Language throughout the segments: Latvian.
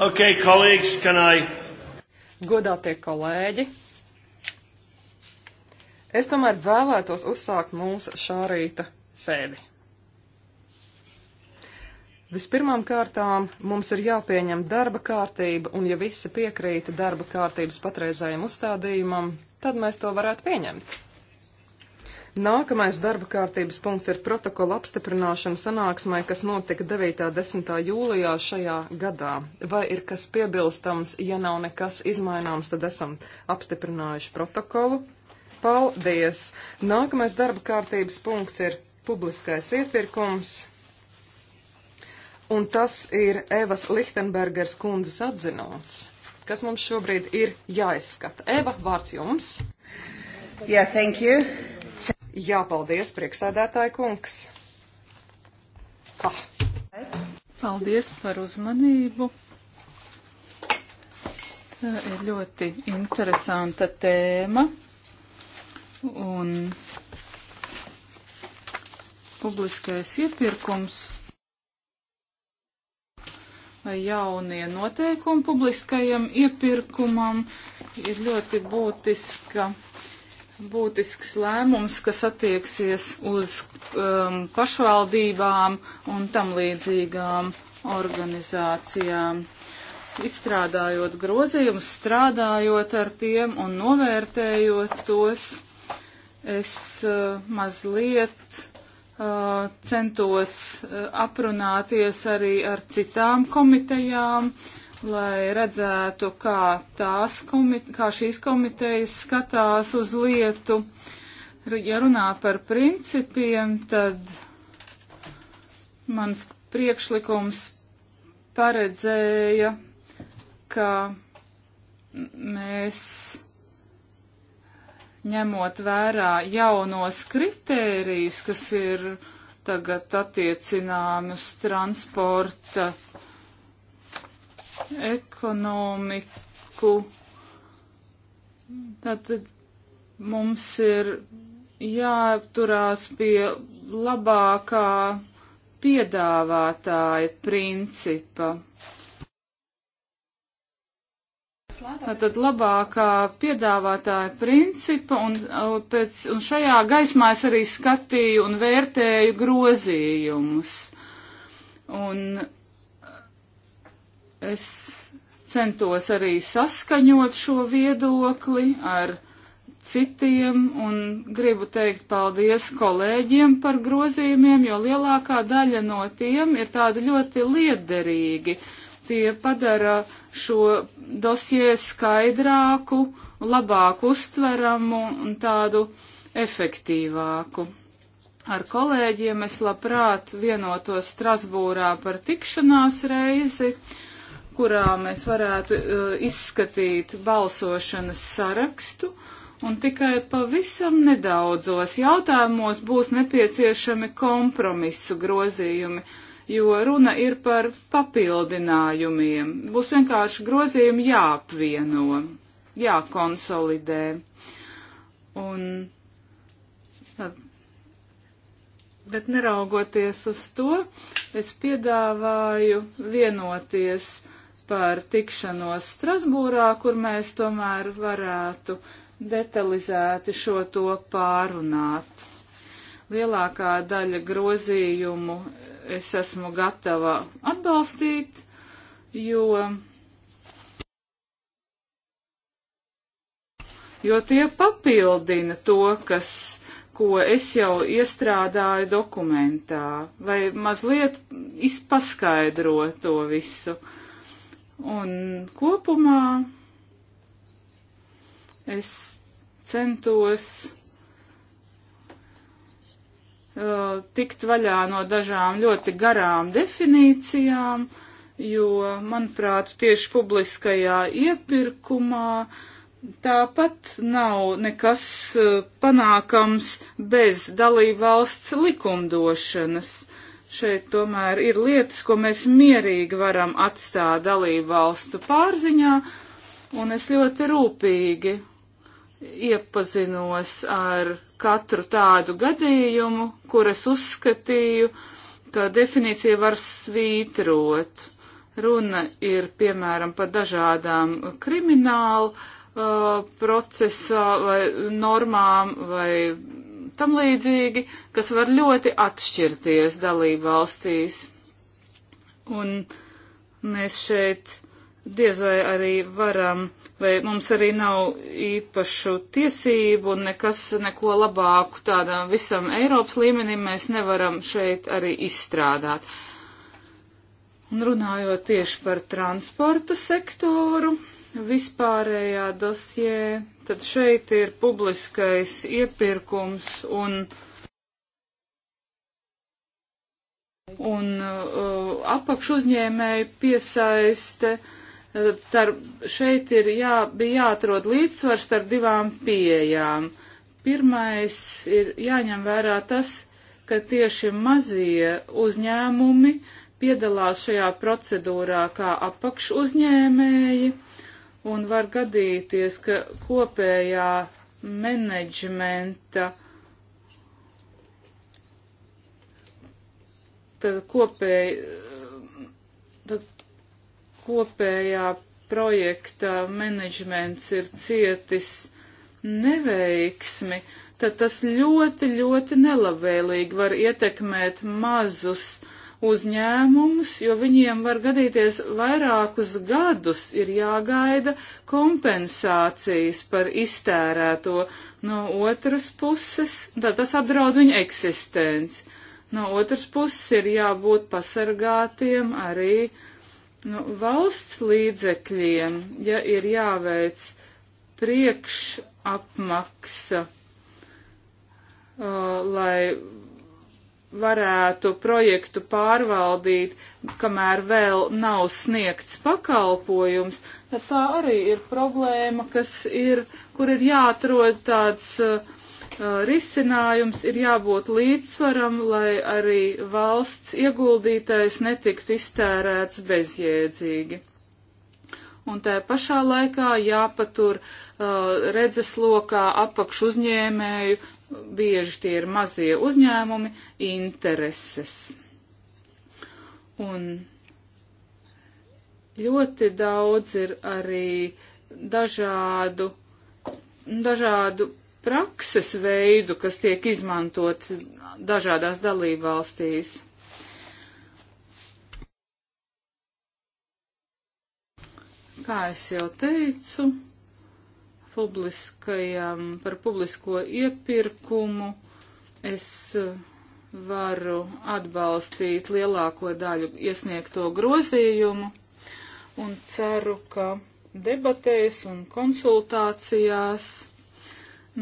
Okay, colleagues, can I? Godātie kolēģi, es tomēr vēlētos uzsākt mūsu šā rīta sēdi. Vispirmām kārtām mums ir jāpieņem darba kārtība, un ja visi piekrīta darba kārtības patreizējiem uzstādījumam, tad mēs to varētu pieņemt. Nākamais darba kārtības punkts ir protokola apstiprināšana sanāksmai, kas notika 9.10. jūlijā šajā gadā. Vai ir kas piebilstams, ja nav nekas izmaināms, tad esam apstiprinājuši protokolu. Paldies! Nākamais darba kārtības punkts ir publiskais iepirkums. Un tas ir Evas Lichtenbergers kundzes atzinums, kas mums šobrīd ir jāizskata. Eva, vārds jums! Yeah, thank you. Jā, paldies, prieksēdētāji kungs. Ha. Ah. Paldies par uzmanību. Tā ir ļoti interesanta tēma. Un publiskais iepirkums vai jaunie noteikumi publiskajam iepirkumam ir ļoti būtiska būtisks lēmums, kas attieksies uz um, pašvaldībām un tam līdzīgām organizācijām. Izstrādājot grozījumus, strādājot ar tiem un novērtējot tos, es uh, mazliet uh, centos uh, aprunāties arī ar citām komitejām, uh, lai redzētu, kā, tās komite, kā šīs komitejas skatās uz lietu. Ja runā par principiem, tad mans priekšlikums paredzēja, ka mēs ņemot vērā jaunos kritērijus, kas ir tagad attiecināmi uz transporta ekonomiku. Tātad mums ir jāturās pie labākā piedāvātāja principa. Tātad labākā piedāvātāja principa, un, uh, pēc, un šajā gaismā es arī skatīju un vērtēju grozījumus. Un Es centos arī saskaņot šo viedokli ar citiem un gribu teikt paldies kolēģiem par grozījumiem, jo lielākā daļa no tiem ir tādi ļoti liederīgi. Tie padara šo dosie skaidrāku, labāk uztveramu un tādu efektīvāku. Ar kolēģiem es labprāt vienotos Strasbūrā par tikšanās reizi kurā mēs varētu uh, izskatīt balsošanas sarakstu, un tikai pavisam nedaudzos jautājumos būs nepieciešami kompromisu grozījumi, jo runa ir par papildinājumiem. Būs vienkārši grozījumi jāapvieno, jākonsolidē. Un, tad, bet neraugoties uz to, es piedāvāju vienoties par tikšanos Strasbūrā, kur mēs tomēr varētu detalizēti šo to pārunāt. Lielākā daļa grozījumu es esmu gatava atbalstīt, jo, jo tie papildina to, kas ko es jau iestrādāju dokumentā, vai mazliet izpaskaidro to visu. Uh, Un kopumā es centos uh, tikt vaļā no dažām ļoti garām definīcijām, jo, manuprāt, tieši publiskajā iepirkumā tāpat nav nekas uh, panākams bez dalībvalsts likumdošanas. Uh, Šeit tomēr ir lietas, ko mēs mierīgi varam atstāt dalību valstu pārziņā, un es ļoti rūpīgi iepazinos ar katru tādu gadījumu, kur es uzskatīju, ka definīcija var svītrot. Runa ir, piemēram, par dažādām kriminālu uh, procesa vai normām vai tam līdzīgi, kas var ļoti atšķirties dalību valstīs. Un mēs šeit diez vai arī varam, vai mums arī nav īpašu tiesību un nekas, neko labāku tādam visam Eiropas līmenim mēs nevaram šeit arī izstrādāt. Un runājot tieši par transporta sektoru, vispārējā dosjē, tad šeit ir publiskais iepirkums un, un uh, apakšu uzņēmēju piesaiste. Starp, šeit ir jā, bija jāatrod līdzsvars starp divām pieejām. Pirmais ir jāņem vērā tas, ka tieši mazie uzņēmumi piedalās šajā procedūrā kā apakšu uzņēmēji un var gadīties, ka kopējā menedžmenta, tad kopēj, tad kopējā projekta menedžments ir cietis neveiksmi, tad tas ļoti, ļoti nelabvēlīgi var ietekmēt mazus, uh, uzņēmumus, jo viņiem var gadīties vairākus gadus ir jāgaida kompensācijas par iztērēto no otras puses, tad tas apdraud viņu eksistenci. No otras puses ir jābūt pasargātiem arī nu, valsts līdzekļiem, ja ir jāveic priekšapmaksa, uh, lai varētu projektu pārvaldīt, kamēr vēl nav sniegts pakalpojums, tad tā arī ir problēma, kas ir, kur ir jāatrod tāds uh, uh risinājums, ir jābūt līdzsvaram, lai arī valsts ieguldītais netiktu iztērēts bezjēdzīgi. Un tā pašā laikā jāpatur uh, redzeslokā apakš uzņēmēju bieži tie ir mazie uzņēmumi, intereses. Un ļoti daudz ir arī dažādu, dažādu prakses veidu, kas tiek izmantot dažādās dalībvalstīs. Kā es jau teicu, publiskajam, par publisko iepirkumu. Es eh, varu atbalstīt lielāko daļu iesniegto grozījumu un ceru, ka debatēs un konsultācijās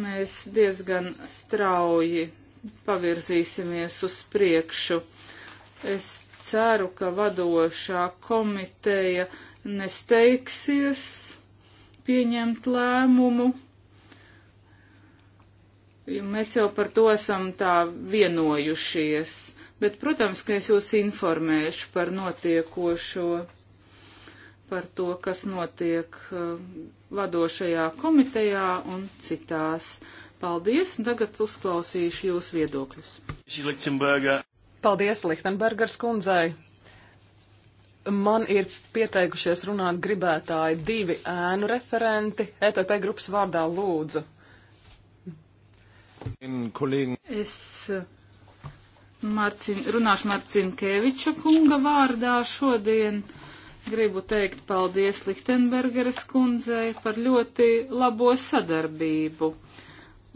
mēs diezgan strauji pavirzīsimies uz priekšu. Es ceru, ka vadošā komiteja nesteigsies pieņemt lēmumu. Mēs jau par to esam tā vienojušies, bet, protams, ka es jūs informēšu par notiekošo, par to, kas notiek uh, vadošajā komitejā un citās. Paldies, un tagad uzklausīšu jūs viedokļus. Paldies, Lichtenbergers kundzei! Man ir pieteikušies runāt gribētāji divi ēnu referenti. EPP grupas vārdā lūdzu. Es eh, Marcin, runāšu Marcinkeviča kunga vārdā šodien. Gribu teikt paldies Lichtenbergeres kundzei par ļoti labo sadarbību.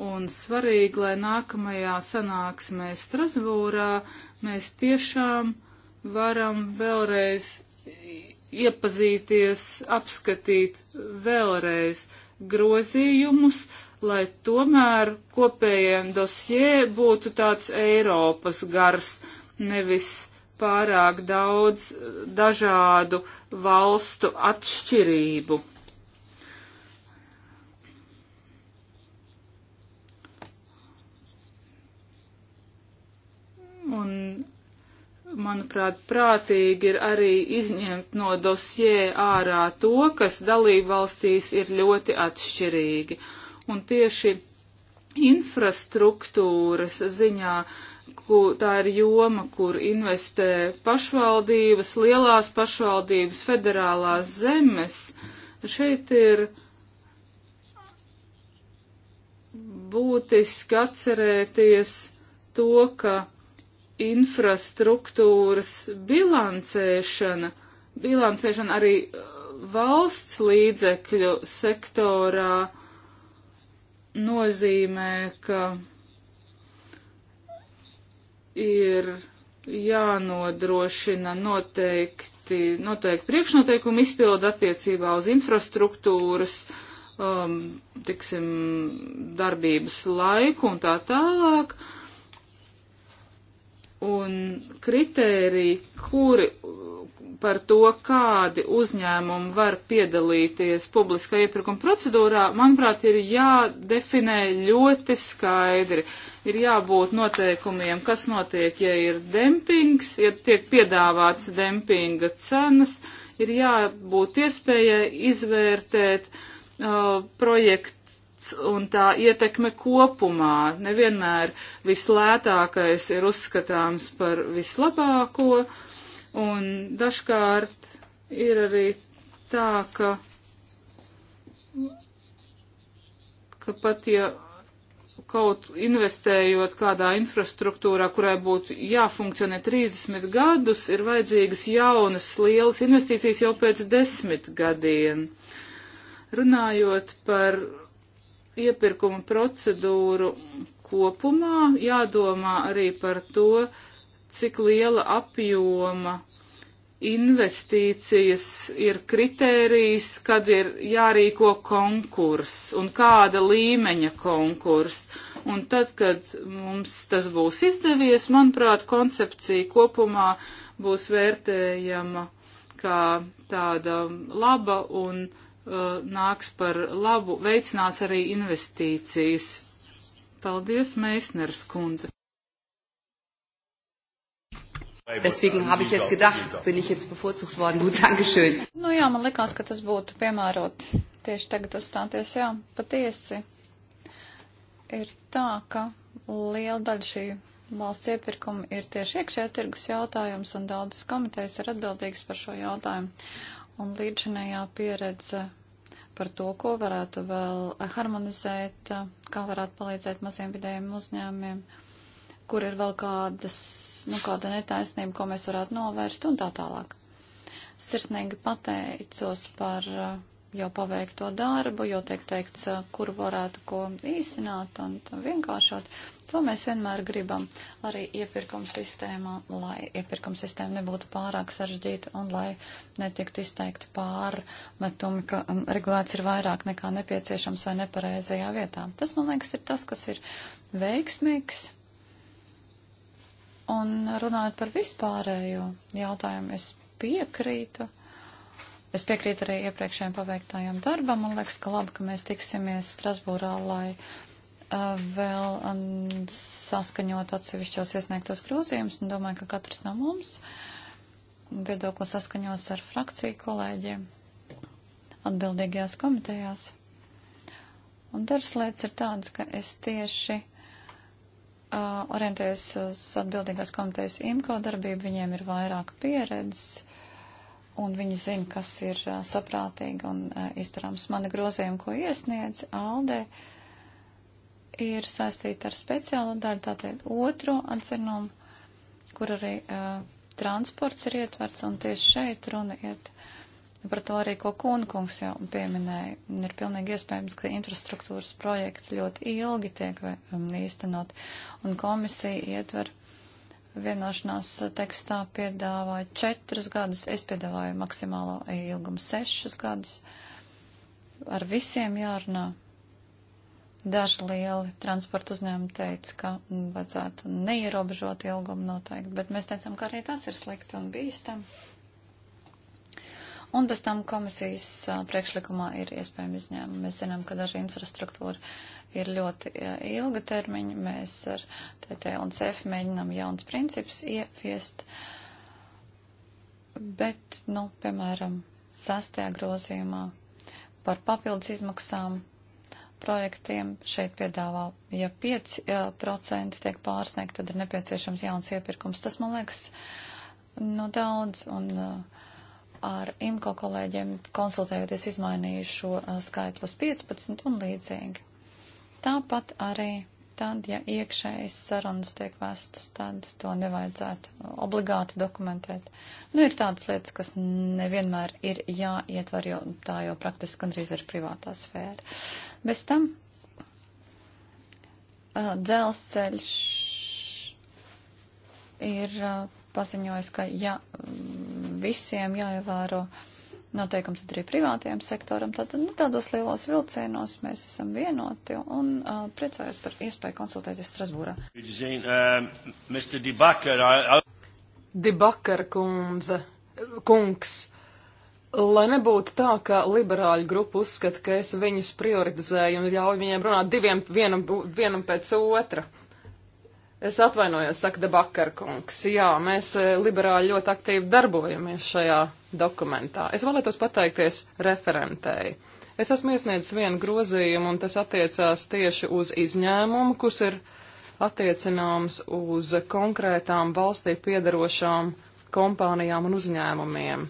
Un svarīgi, lai nākamajā sanāksmē Strasbūrā mēs tiešām varam vēlreiz iepazīties, apskatīt vēlreiz grozījumus, lai tomēr kopējiem dosjē būtu tāds Eiropas gars, nevis pārāk daudz dažādu valstu atšķirību. manuprāt, prātīgi ir arī izņemt no dosjē ārā to, kas dalībvalstīs ir ļoti atšķirīgi. Un tieši infrastruktūras ziņā, kur tā ir joma, kur investē pašvaldības, lielās pašvaldības, federālās zemes, šeit ir būtiski atcerēties to, ka infrastruktūras bilancēšana, bilancēšana arī uh, valsts līdzekļu sektorā nozīmē, ka ir jānodrošina noteikti, noteikti priekšnoteikumi izpildu attiecībā uz infrastruktūras, um, tiksim, darbības laiku un tā tālāk. Uh, un kritēriji, kuri par to, kādi uzņēmumi var piedalīties publiskā iepirkuma procedūrā, manuprāt, ir jādefinē ļoti skaidri. Ir jābūt noteikumiem, kas notiek, ja ir dempings, ja tiek piedāvāts dempinga cenas, ir jābūt iespējai izvērtēt uh, projektu un tā ietekme kopumā. Nevienmēr vislētākais ir uzskatāms par vislabāko, un dažkārt ir arī tā, ka, ka pat ja kaut investējot kādā infrastruktūrā, kurai būtu jāfunkcionē 30 gadus, ir vajadzīgas jaunas lielas investīcijas jau pēc desmit gadiem. Runājot par iepirkumu procedūru kopumā jādomā arī par to, cik liela apjoma investīcijas ir kritērijs, kad ir jārīko konkurss un kāda līmeņa konkurss. Un tad, kad mums tas būs izdevies, manuprāt, koncepcija kopumā būs vērtējama kā tāda laba un Uh, nāks par labu, veicinās arī investīcijas. Paldies, Meisners kundze. Deswegen habe ich jetzt gedacht, bin ich jetzt bevorzugt worden. Gut, danke schön. Nu jā, man likās, ka tas būtu piemērot tieši tagad uzstāties. Jā, patiesi ir tā, ka liela daļa šī valsts iepirkuma ir tieši iekšējā tirgus jautājums un daudzas komitejas ir atbildīgas par šo jautājumu. Un līdzinējā pieredze par to, ko varētu vēl harmonizēt, kā varētu palīdzēt maziem vidējiem uzņēmumiem, kur ir vēl kādas, nu, kāda netaisnība, ko mēs varētu novērst un tā tālāk. Sirsnīgi pateicos par uh, jau paveikto darbu, jo tiek teikts, uh, kur varētu ko īsināt un vienkāršot. To mēs vienmēr gribam arī iepirkuma sistēmā, lai iepirkuma sistēma nebūtu pārāk sarežģīta un lai netiktu izteikti pārmetumi, ka um, regulēts ir vairāk nekā nepieciešams vai nepareizajā vietā. Tas, man liekas, ir tas, kas ir veiksmīgs. Un runājot par vispārējo jautājumu, es piekrītu. Es piekrītu arī iepriekšējiem paveiktājiem darbam. Man liekas, ka labi, ka mēs tiksimies Strasbūrā, lai Uh, vēl um, saskaņot atsevišķos iesniegtos grozījumus, un domāju, ka katrs no mums viedokli saskaņos ar frakciju kolēģiem atbildīgajās komitejās. Un dažas lietas ir tādas, ka es tieši uh, orientējos uz atbildīgās komitejas IMCO darbību, viņiem ir vairāk pieredzes, un viņi zina, kas ir uh, saprātīgi un uh, izdarāms. Mani grozījumi, ko iesniedz Aldei, uh, ir saistīta ar speciālu daļu, tātad otro atzinumu, kur arī uh, transports ir ietverts, un tieši šeit runa iet par to arī, ko Kūnkungs jau pieminēja. Ir pilnīgi iespējams, ka infrastruktūras projekti ļoti ilgi tiek um, īstenot, un komisija ietver vienošanās tekstā piedāvāja četrus gadus, es piedāvāju maksimālo ilgumu sešus gadus. Ar visiem jārunā Daži lieli transporta uzņēmumi teica, ka vajadzētu neierobežot ilgumu noteikti, bet mēs teicām, ka arī tas ir slikti un bīstam. Un bez tam komisijas priekšlikumā ir iespējami izņēmumi. Mēs zinām, ka daži infrastruktūra ir ļoti ilga termiņa. Mēs ar TT un CF mēģinām jauns princips ieviest. Bet, nu, piemēram, sastajā grozījumā par papildus izmaksām projektiem. Šeit piedāvā, ja 5% tiek pārsniegt, tad ir nepieciešams jauns iepirkums. Tas, man liekas, nu, daudz. Un, uh, ar IMCO kolēģiem konsultējoties izmainīju šo skaitlu uz 15 un līdzīgi. Tāpat arī tad, ja iekšējas sarunas tiek vestas, tad to nevajadzētu obligāti dokumentēt. Nu, ir tādas lietas, kas nevienmēr ir jāietver, jo tā jau praktiski gandrīz ir privātā sfēra. Bez tam uh, dzelzceļš ir uh, paziņojis, ka ja visiem jāievēro. Ja noteikumi tad arī privātajam sektoram. Tātad nu, tādos lielos vilcienos mēs esam vienoti un uh, priecājos par iespēju konsultēties Strasbūrā. Dibakar kundze, kungs, lai nebūtu tā, ka liberāļu grupa uzskata, ka es viņus prioritizēju un ļauju viņiem runāt diviem, vienam, vienam pēc otra. Es atvainojos, saka Debakarkungs. Jā, mēs e, liberāļi ļoti aktīvi darbojamies šajā dokumentā. Es vēlētos pateikties referentēji. Es esmu iesniedzis vienu grozījumu, un tas attiecās tieši uz izņēmumu, kurš ir attiecināms uz konkrētām valstī piedarošām kompānijām un uzņēmumiem.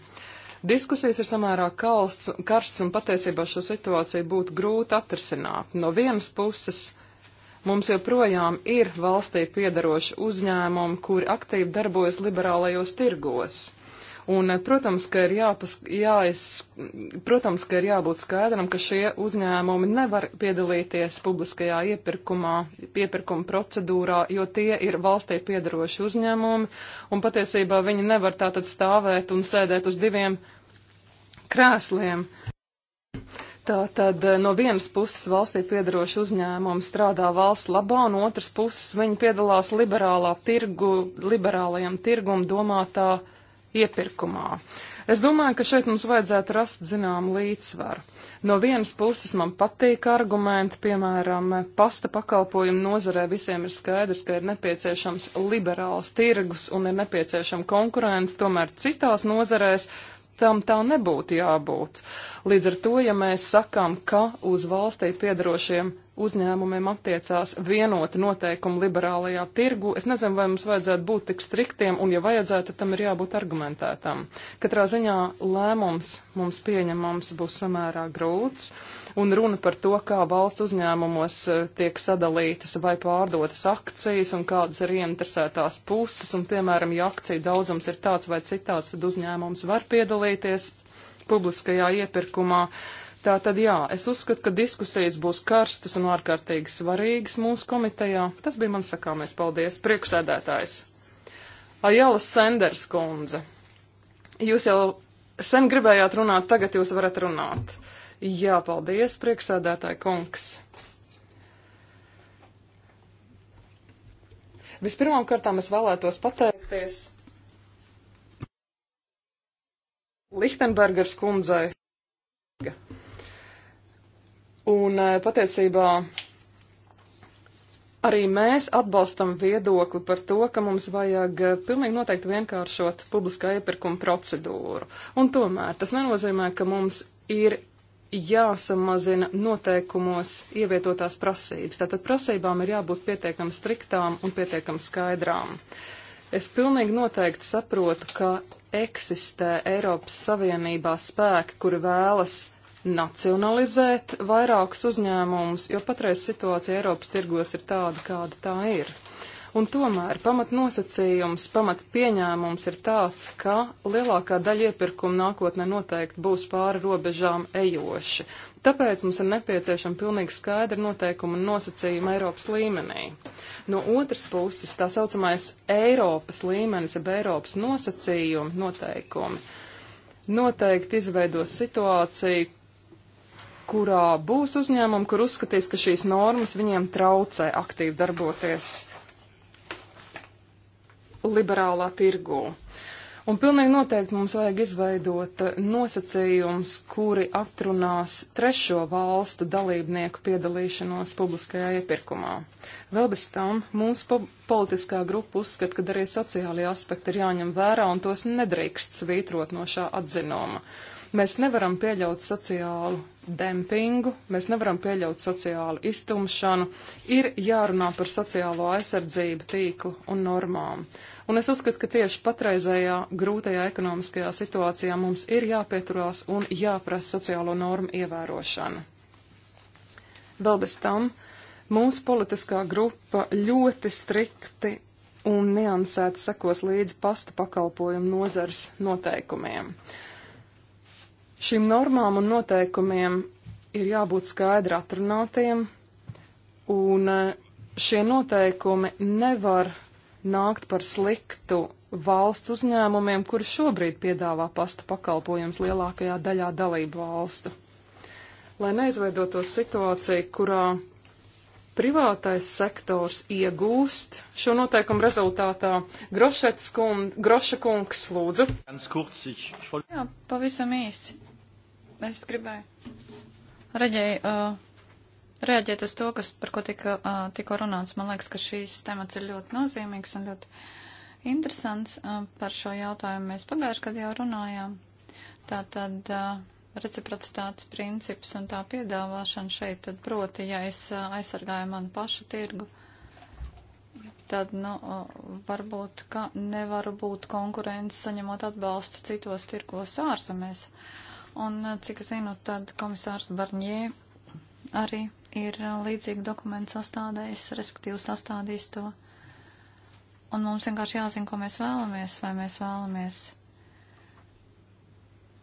Diskusijas ir samērā kalsts, karsts, un patiesībā šo situāciju būtu grūti atrisināt. No vienas puses Mums joprojām ir valstī piedaroši uzņēmumi, kuri aktīvi darbojas liberālajos tirgos. Un, protams, ka ir, jāpas, jāiz, protams, ka ir jābūt skaidram, ka šie uzņēmumi nevar piedalīties publiskajā iepirkumā, iepirkuma procedūrā, jo tie ir valstī piedaroši uzņēmumi, un patiesībā viņi nevar tātad stāvēt un sēdēt uz diviem krēsliem. Uh, Tātad eh, no vienas puses valstī piedarošu uzņēmumu strādā valsts labā, un otras puses viņi piedalās liberālā tirgu, liberālajam tirgum domātā iepirkumā. Es domāju, ka šeit mums vajadzētu rast zinām līdzsvaru. No vienas puses man patīk argumenti, piemēram, pasta pakalpojumu nozarē visiem ir skaidrs, ka ir nepieciešams liberāls tirgus un ir nepieciešama konkurence, tomēr citās nozarēs tam tā nebūtu jābūt. Līdz ar to, ja mēs sakām, ka uz valstī piedarošiem uzņēmumiem attiecās vienota noteikuma liberālajā tirgu, es nezinu, vai mums vajadzētu būt tik striktiem, un ja vajadzētu, tam ir jābūt argumentētam. Katrā ziņā lēmums mums pieņemams būs samērā grūts, un runa par to, kā valsts uzņēmumos e, tiek sadalītas vai pārdotas akcijas un kādas ir ieinteresētās puses, un, piemēram, ja akciju daudzums ir tāds vai citāds, tad uzņēmums var piedalīties publiskajā iepirkumā. Tā tad jā, es uzskatu, ka diskusijas būs karstas un ārkārtīgi svarīgas mūsu komitejā. Tas bija man sakāmais paldies, priekšsēdētājs. Ajala Senders kundze. Jūs jau sen gribējāt runāt, tagad jūs varat runāt. Uh, Jā, paldies, priekšsādātāji kungs. Vispirmām kārtām es vēlētos pateikties Lichtenbergers kundzei. Un eh, patiesībā arī mēs atbalstam viedokli par to, ka mums vajag eh, pilnīgi noteikti vienkāršot publiskā iepirkuma procedūru. Un tomēr tas nenozīmē, ka mums ir jāsamazina noteikumos ievietotās prasības. Tātad prasībām ir jābūt pietiekami striktām un pietiekami skaidrām. Es pilnīgi noteikti saprotu, ka eksistē Eiropas Savienībā spēki, kuri vēlas nacionalizēt vairākus uzņēmumus, jo patreiz situācija Eiropas tirgos ir tāda, kāda tā ir. Un tomēr pamatnosacījums, pamatpieņēmums ir tāds, ka lielākā daļa iepirkumu nākotnē noteikti būs pāri robežām ejoši. Tāpēc mums ir nepieciešama pilnīgi skaidra noteikuma un nosacījuma Eiropas līmenī. No otras puses, tā saucamais Eiropas līmenis, jeb Eiropas nosacījumi, noteikumi, noteikti izveidos situāciju, kurā būs uzņēmumi, kur uzskatīs, ka šīs normas viņiem traucē aktīvi darboties liberālā tirgū. Un pilnīgi noteikti mums vajag izveidot nosacījums, kuri atrunās trešo valstu dalībnieku piedalīšanos publiskajā iepirkumā. Vēl bez tam mūsu po politiskā grupa uzskata, ka arī sociālajie aspekti ir jāņem vērā un tos nedrīkst svītrot no šā atzinuma. Mēs nevaram pieļaut sociālu dempingu, mēs nevaram pieļaut sociālu iztumšanu, ir jārunā par sociālo aizsardzību tīklu un normām. Un es uzskatu, ka tieši patreizējā grūtajā ekonomiskajā situācijā mums ir jāpieturās un jāprasa sociālo normu ievērošana. Vēl bez tam mūsu politiskā grupa ļoti strikti un niansēti sekos līdz pasta pakalpojumu nozars noteikumiem. Šīm normām un noteikumiem ir jābūt skaidri atrunātiem, un eh, šie noteikumi nevar nākt par sliktu valsts uzņēmumiem, kuri šobrīd piedāvā pasta pakalpojums lielākajā daļā dalību valstu. Lai neizveidotos situācija, kurā privātais sektors iegūst šo noteikumu rezultātā. Groša kungs, lūdzu. Jā, pavisam īsi. Es gribēju reģēju, uh, reaģēt uz to, kas, par ko tika, uh, tikko runāts. Man liekas, ka šīs temats ir ļoti nozīmīgs un ļoti interesants. Uh, par šo jautājumu mēs pagājuši gadu jau runājām. Tātad uh, reciprocitātes princips un tā piedāvāšana šeit, tad proti, ja es uh, aizsargāju manu pašu tirgu, tad, nu, uh, varbūt, ka nevar būt konkurence saņemot atbalstu citos tirgos ārzemēs. Uh, Un, eh, cik zinu, tad komisārs Barņē arī ir eh, līdzīgu dokumentu sastādējis, respektīvi sastādījis to. Un mums vienkārši jāzina, ko mēs vēlamies, vai mēs vēlamies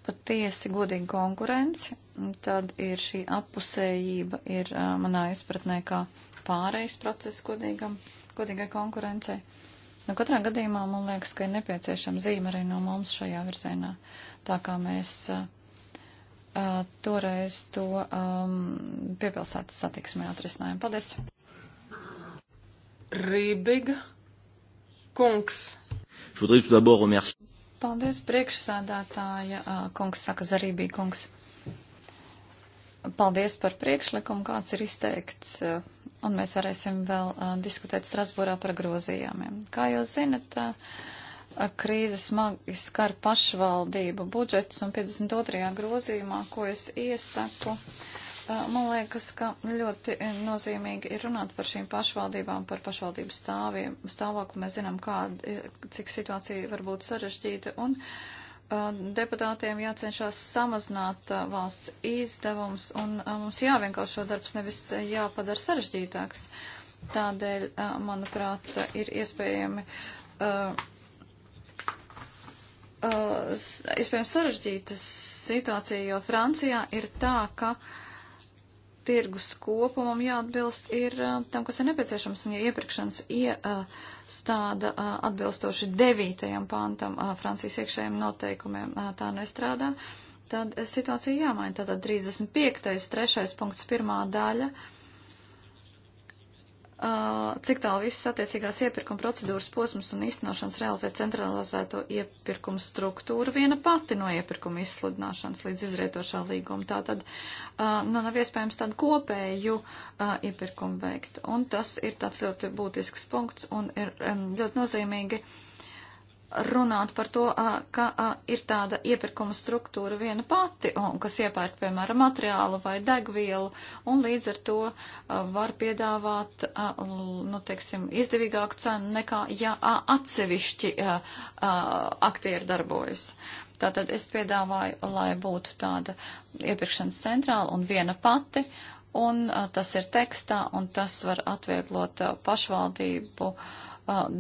patiesi godīgu konkurenci, tad ir šī apusējība, ir eh, manā izpratnē kā pārējais process godīgam, godīgai konkurencei. Nu, katrā gadījumā man liekas, ka ir nepieciešama zīme arī no mums šajā virzienā, tā kā mēs uh, uh, toreiz to um, piepilsētas satiksmē atrisinājumu. Paldies! Rībiga kungs. Paldies, priekšsādātāja uh, kungs, saka Zarībija kungs. Paldies par priekšlikumu, kāds ir izteikts, un mēs varēsim vēl diskutēt Strasbūrā par grozījumiem. Kā jūs zinat, uh, krīze smagi skar pašvaldību budžets un 52. grozījumā, ko es iesaku, man liekas, ka ļoti nozīmīgi ir runāt par šīm pašvaldībām, par pašvaldību stāviem, stāvokli. Mēs zinām, kāda, cik situācija var būt sarežģīta un deputātiem jācenšas samazināt valsts izdevums un mums jāvienkāršo darbs, nevis jāpadara sarežģītāks. Tādēļ, manuprāt, ir iespējami uh, uh, iespējams sarežģīta situācija, jo Francijā ir tā, ka tirgus kopumam jāatbilst ir uh, tam, kas ir nepieciešams, un ja iepirkšanas iestāda uh, atbilstoši devītajam pantam uh, Francijas iekšējiem noteikumiem uh, tā nestrādā, tad situācija jāmaina. Tātad 35. trešais punkts pirmā daļa. Uh, Uh, cik tālu visas attiecīgās iepirkuma procedūras posmas un īstenošanas realizē centralizēto iepirkumu struktūru viena pati no iepirkuma izsludināšanas līdz izrietošā līguma. Tā tad uh, nu, nav iespējams tādu kopēju uh, iepirkumu veikt. Un tas ir tāds ļoti būtisks punkts un ir um, ļoti nozīmīgi runāt par to, ka ir tāda iepirkuma struktūra viena pati, un kas iepērk, piemēram, materiālu vai degvielu, un līdz ar to var piedāvāt, nu, teiksim, izdevīgāku cenu nekā, ja atsevišķi aktieri darbojas. Tātad es piedāvāju, lai būtu tāda iepirkšanas centrāla un viena pati, un tas ir tekstā, un tas var atvieglot pašvaldību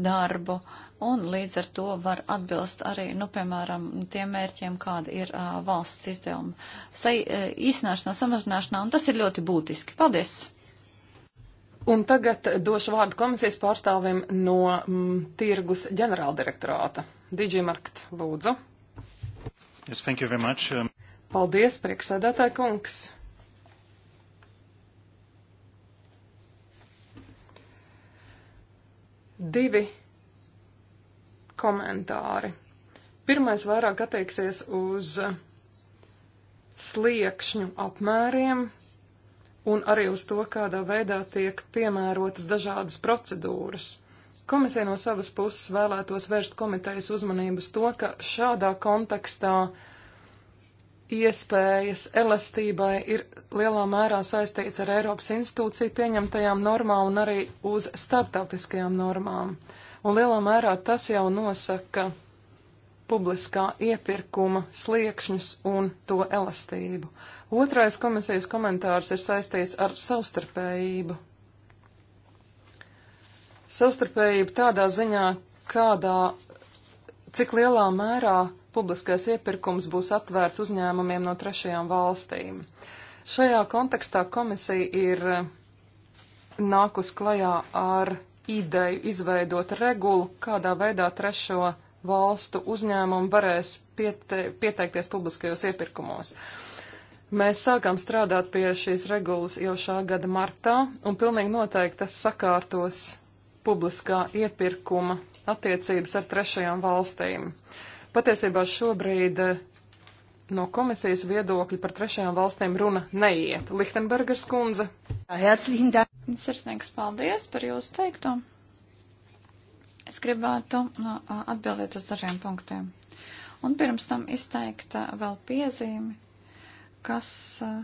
darbu. Uh, un līdz ar to var atbilst arī, nu, piemēram, tiem mērķiem, kāda ir uh, valsts izdevuma Sai, uh, īsināšanā, samazināšanā, un tas ir ļoti būtiski. Paldies! Un tagad došu vārdu komisijas pārstāvim no mm, tirgus ģenerāldirektorāta. Digimarkt, lūdzu. Yes, thank you very much. Um... Paldies, priekšsēdētāji kungs. Divi komentāri. Pirmais vairāk attieksies uz sliekšņu apmēriem un arī uz to, kādā veidā tiek piemērotas dažādas procedūras. Komisija no savas puses vēlētos vērst komitejas uzmanību uz to, ka šādā kontekstā iespējas elastībai ir lielā mērā saistīts ar Eiropas institūciju pieņemtajām normām un arī uz starptautiskajām normām un lielā mērā tas jau nosaka publiskā iepirkuma sliekšņus un to elastību. Otrais komisijas komentārs ir saistīts ar savstarpējību. Savstarpējība tādā ziņā, kādā, cik lielā mērā publiskais iepirkums būs atvērts uzņēmumiem no trešajām valstīm. Šajā kontekstā komisija ir eh, nākus klajā ar ideju izveidot regulu, kādā veidā trešo valstu uzņēmumu varēs piete pieteikties publiskajos iepirkumos. Mēs sākām strādāt pie šīs regulas jau šā gada martā, un pilnīgi noteikti tas sakārtos publiskā iepirkuma attiecības ar trešajām valstīm. Patiesībā šobrīd eh, no komisijas viedokļa par trešajām valstīm runa neiet. Lichtenbergers kundze, Sirsnīgs paldies par jūsu teikto. Es gribētu uh, atbildēt uz dažiem punktiem. Un pirms tam izteikt uh, vēl piezīmi, kas uh,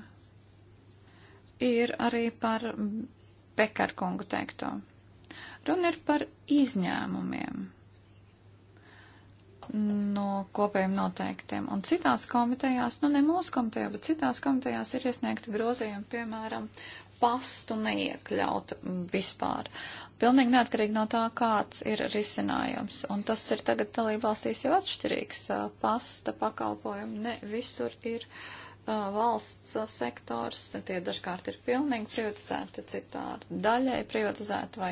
ir arī par Pekarkungu teikto. Runa ir par izņēmumiem no kopējiem noteiktiem. Un citās komitejās, nu ne mūsu komitejā, bet citās komitejās ir iesniegti grozījumi, piemēram, uh, pastu neiekļauta vispār. Pilnīgi neatkarīgi no tā, kāds ir risinājums. Un tas ir tagad dalībvalstīs jau atšķirīgs. Uh, pasta pakalpojumi ne visur ir uh, valsts uh, sektors, tie dažkārt ir pilnīgi privatizēti, citādi daļai privatizēti vai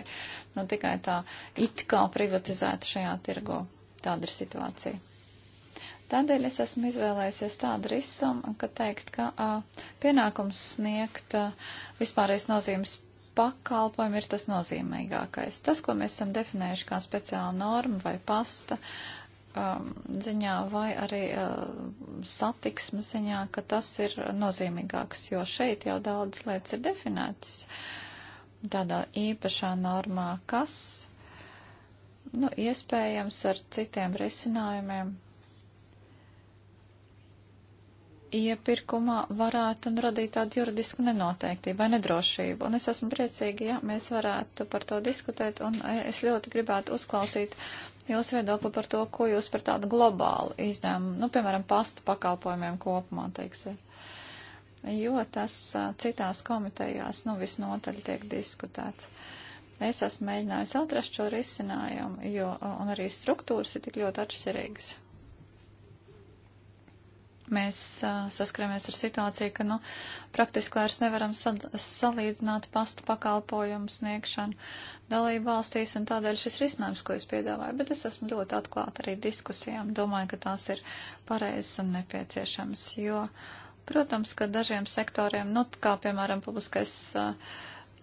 nu, tikai tā it kā privatizēti šajā tirgo. Tāda ir situācija. Tādēļ es esmu izvēlējusies tādu risumu, ka teikt, ka a, pienākums sniegt a, vispārreiz nozīmes pakalpojumu ir tas nozīmīgākais. Tas, ko mēs esam definējuši kā speciāla norma vai pasta a, ziņā vai arī a, satiksmes ziņā, ka tas ir nozīmīgāks, jo šeit jau daudz lietas ir definētas tādā īpašā normā, kas, nu, iespējams ar citiem risinājumiem iepirkumā varētu nu, radīt tādu juridisku nenoteiktību vai nedrošību. Un es esmu priecīgi, ja mēs varētu par to diskutēt, un e, es ļoti gribētu uzklausīt jūsu viedokli par to, ko jūs par tādu globālu izņēmumu, nu, piemēram, pastu pakalpojumiem kopumā, teiksiet. Jo tas e, citās komitejās, nu, visnotaļ tiek diskutēts. Es esmu mēģinājusi atrast šo risinājumu, jo, un arī struktūras ir tik ļoti atšķirīgas mēs saskaramies ar situāciju, ka, nu, praktiski vairs nevaram salīdzināt pastu pakalpojumu sniegšanu dalību valstīs, un tādēļ šis risinājums, ko es piedāvāju, bet es esmu ļoti atklāta arī diskusijām, domāju, ka tās ir pareizas un nepieciešamas, jo, protams, ka dažiem sektoriem, nu, kā, piemēram, publiskais uh,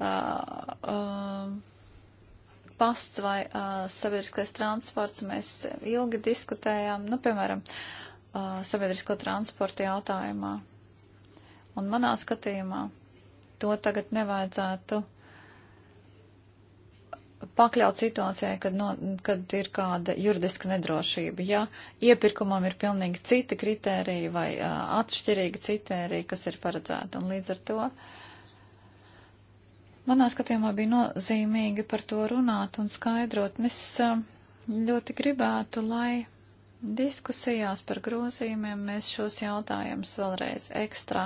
uh, uh pasts vai uh, sabiedriskais transports, mēs ilgi diskutējām, nu, piemēram, uh, uh, sabiedrisko transportu jautājumā. Un manā skatījumā to tagad nevajadzētu pakļaut situācijai, kad, no, kad ir kāda juridiska nedrošība. Ja iepirkumam ir pilnīgi citi kritēriji vai uh, atšķirīgi kritēriji, kas ir paredzēti, un līdz ar to manā skatījumā bija nozīmīgi par to runāt un skaidrot. Un es uh, ļoti gribētu, lai Diskusijās par grozījumiem mēs šos jautājumus vēlreiz ekstra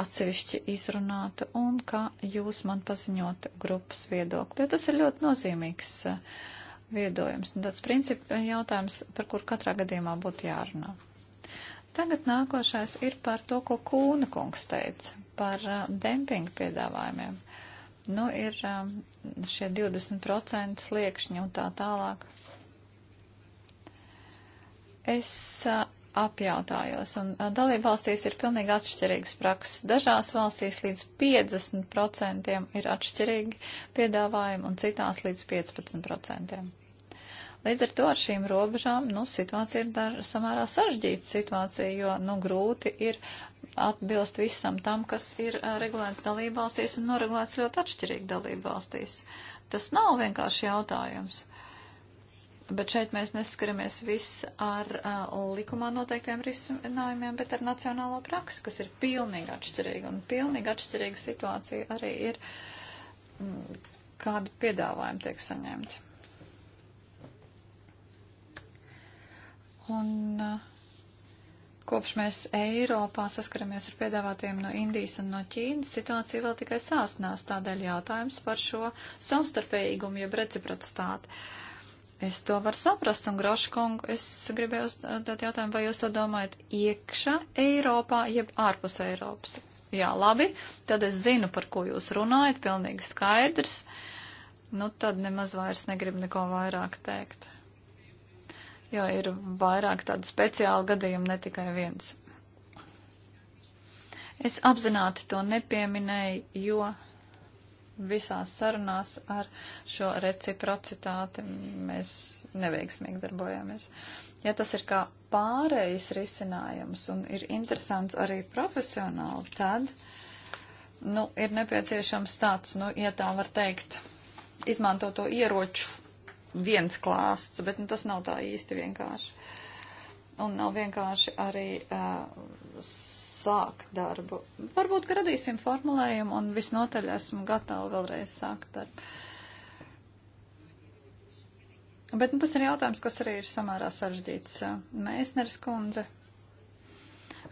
atsevišķi izrunātu un kā jūs man paziņot grupas viedokli. Tas ir ļoti nozīmīgs eh, viedojums. Un tāds principi jautājums, par kur katrā gadījumā būtu jārunā. Tagad nākošais ir par to, ko Kūna kungs teica par uh, dempinga piedāvājumiem. Nu, ir um, šie 20% sliekšņi un tā tālāk. Es uh, apjautājos, un uh, dalība valstīs ir pilnīgi atšķirīgas prakses. Dažās valstīs līdz 50% ir atšķirīgi piedāvājumi, un citās līdz 15%. Līdz ar to ar šīm robežām, nu, situācija ir dar, samērā sažģīta situācija, jo, nu, grūti ir atbilst visam tam, kas ir uh, regulēts dalību valstīs un noregulēts ļoti atšķirīgi dalību valstīs. Tas nav vienkārši jautājums. Bet šeit mēs neskaramies viss ar uh, likumā noteiktiem risinājumiem, bet ar nacionālo praksi, kas ir pilnīgi atšķirīga. Un pilnīgi atšķirīga situācija arī ir, m, mm, kādu piedāvājumu tiek saņemti. Un uh, kopš mēs Eiropā saskaramies ar piedāvātiem no Indijas un no Ķīnas, situācija vēl tikai sāsnās. Tādēļ jautājums par šo savstarpējīgumu jeb reciprocitāti. Uh, Es to varu saprast, un Groškungu es gribēju uzdot jautājumu, vai jūs to domājat iekšā Eiropā, jeb ārpus Eiropas? Jā, labi, tad es zinu, par ko jūs runājat, pilnīgi skaidrs. Nu, tad nemaz vairs negribu neko vairāk teikt. Jo ir vairāk tādu speciālu gadījumu, ne tikai viens. Es apzināti to nepieminēju, jo visās sarunās ar šo reciprocitāti mēs neveiksmīgi darbojāmies. Ja tas ir kā pārējais risinājums un ir interesants arī profesionāli, tad, nu, ir nepieciešams tāds, nu, ja tā var teikt, izmanto to ieroču viens klāsts, bet, nu, tas nav tā īsti vienkārši. Un nav vienkārši arī uh, sākt darbu. Varbūt radīsim formulējumu un visnotaļ esmu gatava vēlreiz sākt darbu. Bet nu, tas ir jautājums, kas arī ir samērā sarežģīts. Mēsneris kundze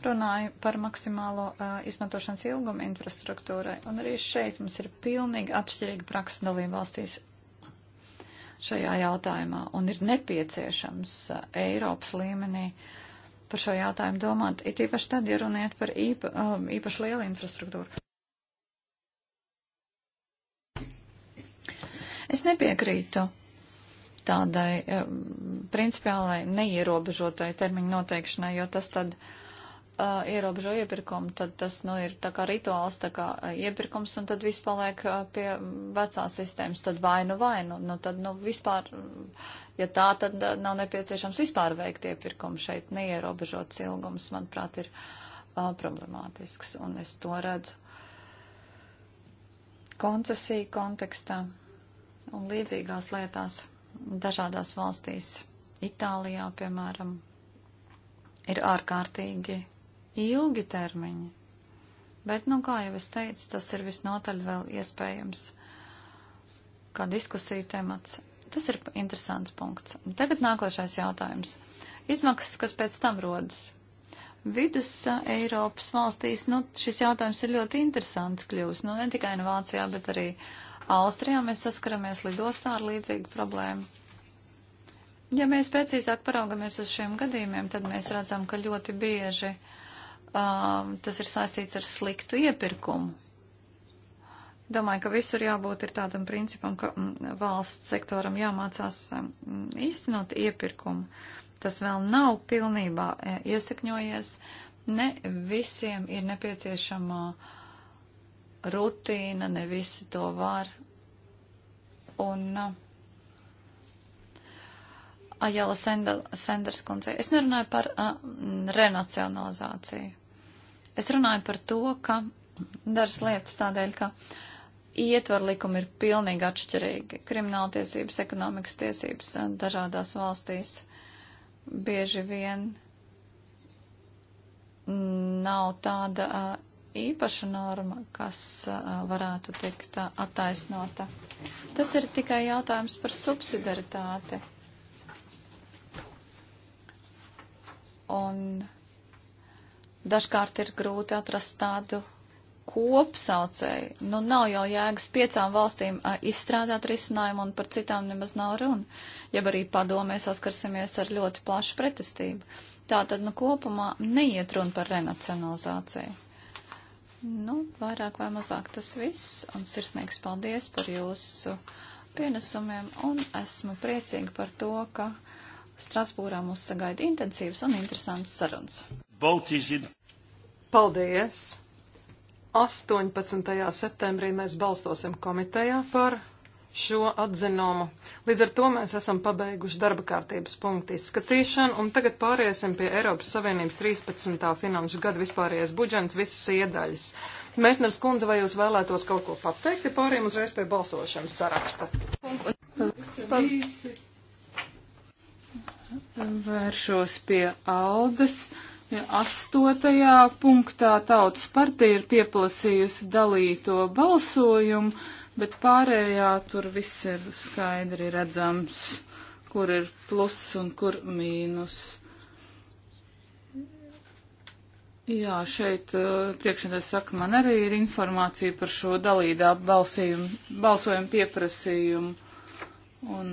runāja par maksimālo uh, izmantošanas ilgumu infrastruktūrai, un arī šeit mums ir pilnīgi atšķirīga praksa dalība valstīs šajā jautājumā, un ir nepieciešams uh, Eiropas līmenī uh, par šo jautājumu domāt, it īpaši tad, ja runiet par īpa, um, īpaši lielu infrastruktūru. Es nepiekrītu tādai um, principiālai neierobežotai termiņu noteikšanai, jo tas tad uh, uh, ierobežo iepirkumu, tad tas nu, ir tā kā rituāls, tā kā uh, iepirkums, un tad viss paliek uh, pie vecās sistēmas. Tad vainu vainu. Nu, tad, nu, vispār, ja tā, tad uh, nav nepieciešams vispār veikt iepirkumu šeit. Neierobežots ilgums, manuprāt, ir uh, problemātisks, un es to redzu koncesiju kontekstā un līdzīgās lietās dažādās valstīs. Itālijā, piemēram, ir ārkārtīgi ilgi termiņi. Bet, nu, kā jau es teicu, tas ir visnotaļ vēl iespējams kā diskusija temats. Tas ir interesants punkts. Tagad nākošais jautājums. Izmaksas, kas pēc tam rodas. Vidus Eiropas valstīs, nu, šis jautājums ir ļoti interesants kļūst. Nu, ne tikai no Vācijā, bet arī Austrijā mēs saskaramies lidostā ar līdzīgu problēmu. Ja mēs precīzāk paraugamies uz šiem gadījumiem, tad mēs redzam, ka ļoti bieži uh, um, tas ir saistīts ar sliktu iepirkumu. Domāju, ka visur jābūt ir tādam principam, ka mm, valsts sektoram jāmācās mm, īstenot iepirkumu. Tas vēl nav pilnībā e, iesakņojies. Ne visiem ir nepieciešama rutīna, ne visi to var. Un uh, Ajala Senders kundzei. Es nerunāju par uh, renacionalizāciju. Es runāju par to, ka dažas lietas tādēļ, ka ietvaru likumi ir pilnīgi atšķirīgi. Krimināltiesības, ekonomikas tiesības dažādās valstīs bieži vien nav tāda uh, īpaša norma, kas uh, varētu tikt uh, attaisnota. Tas ir tikai jautājums par subsidaritāti Un dažkārt ir grūti atrast tādu kopsaucēju. Nu, nav jau jēgas piecām valstīm a, izstrādāt risinājumu un par citām nemaz nav runa. Jeb arī padomē saskarsimies ar ļoti plašu pretestību. Tā tad, nu, kopumā neiet runa par renacionalizāciju. Nu, vairāk vai mazāk tas viss, un sirsnīgs paldies par jūsu pienesumiem, un esmu priecīga par to, ka Strasbūrā mūs sagaida intensīvas un interesantas sarunas. Paldies! 18. septembrī mēs balstosim komitejā par šo atzinumu. Līdz ar to mēs esam pabeiguši darba kārtības punktu izskatīšanu, un tagad pāriesim pie Eiropas Savienības 13. finanšu gada vispārējais budžets visas iedaļas. Mērsners kundze, vai jūs vēlētos kaut ko pateikt, ja pāriem uzreiz pie balsošanas saraksta? Paldies! vēršos pie Aldes. Ja astotajā punktā tautas partija ir pieprasījusi dalīto balsojumu, bet pārējā tur viss ir skaidri redzams, kur ir plus un kur mīnus. Jā, šeit uh, priekšnieks saka, man arī ir informācija par šo dalītā balsojumu pieprasījumu. Un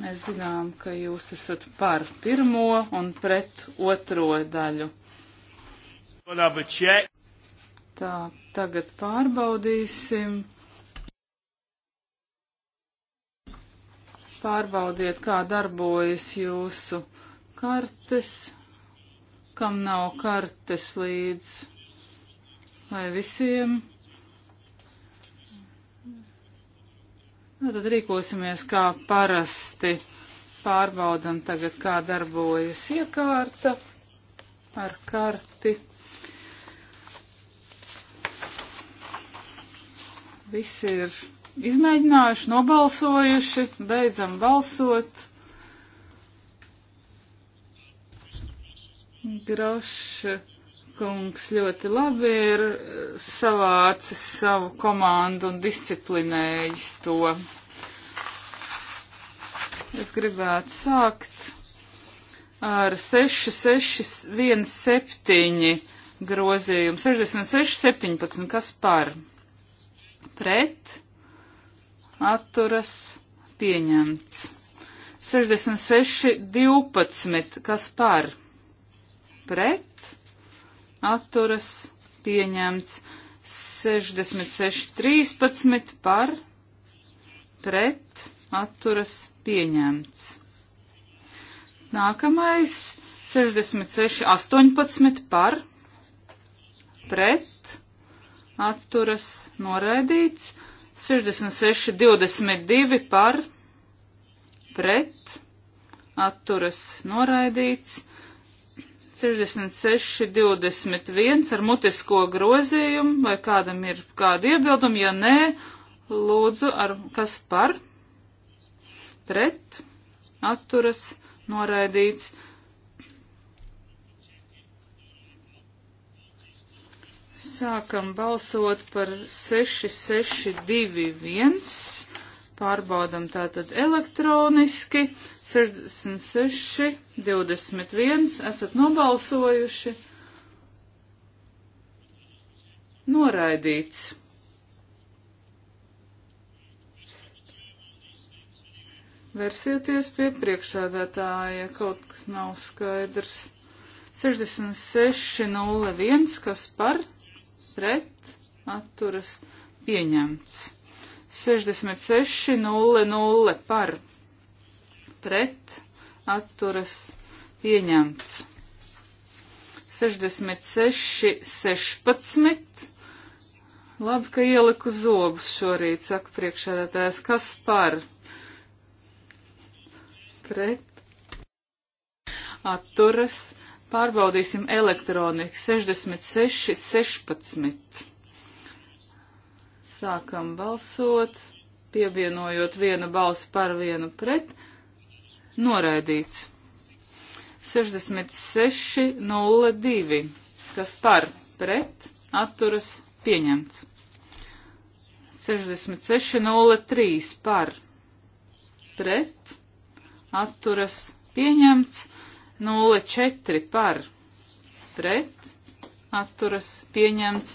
Mēs zinām, ka jūs esat par pirmo un pret otro daļu. Tā, tagad pārbaudīsim. Pārbaudiet, kā darbojas jūsu kartes, kam nav kartes līdz, lai visiem. Nu, tad rīkosimies kā parasti. Pārbaudam tagad, kā darbojas iekārta ar karti. Visi ir izmēģinājuši, nobalsojuši, beidzam balsot. Grošs kungs ļoti labi ir eh, savācis savu komandu un disciplinējis to. Es gribētu sākt ar 6617 grozījumu. 6617, kas par? Pret, atturas, pieņemts. 6612, kas par? Pret, atturas pieņemts 66, 13 par, pret, atturas pieņemts. Nākamais 66, 18 par, pret, atturas noraidīts, 66, 22 par, pret, atturas noraidīts. 66.21 ar mutisko grozījumu, vai kādam ir kādi iebildumi, ja nē, lūdzu, ar kas par, pret, atturas, noraidīts. Sākam balsot par 6621. Pārbaudam tātad elektroniski. 66, 21. Esat nobalsojuši. Noraidīts. Versieties pie priekšādātāja, kaut kas nav skaidrs. 66.01, kas par, pret, atturas, pieņemts. 66.00 par pret atturas pieņemts. 66.16. Labi, ka ieliku zobus šorīt, saka priekšādātājs. Kas par? Pret. Atturas. Pārbaudīsim elektroniku. 66.16. Sākam balsot, pievienojot vienu balsi par vienu pret. Noraidīts. 66.02. Kas par pret atturas pieņemts. 66.03. Par pret atturas pieņemts. 0,4 par pret atturas pieņemts.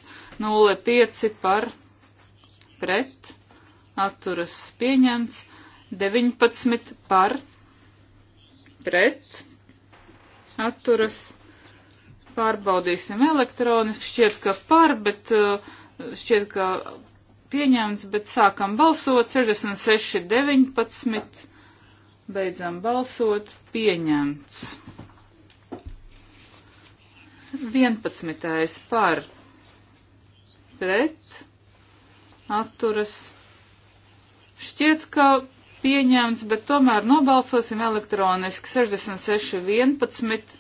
0,5 par pret pret, atturas pieņemts, 19 par, pret, atturas, pārbaudīsim elektroniski, šķiet, ka par, bet uh, šķiet, ka pieņemts, bet sākam balsot, 66, 19, beidzam balsot, pieņemts. 11. par pret atturas. Šķiet, ka pieņemts, bet tomēr nobalsosim elektroniski 66.11.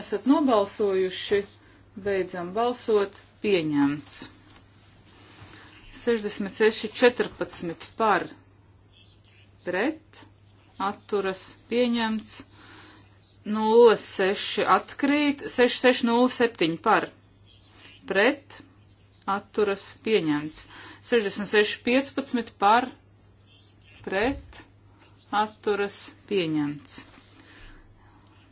Esat nobalsojuši, beidzam balsot, pieņemts. 66.14 par pret, atturas, pieņemts. 06 atkrīt, 6607 par pret, atturas pieņemts. 66.15 par pret atturas pieņemts.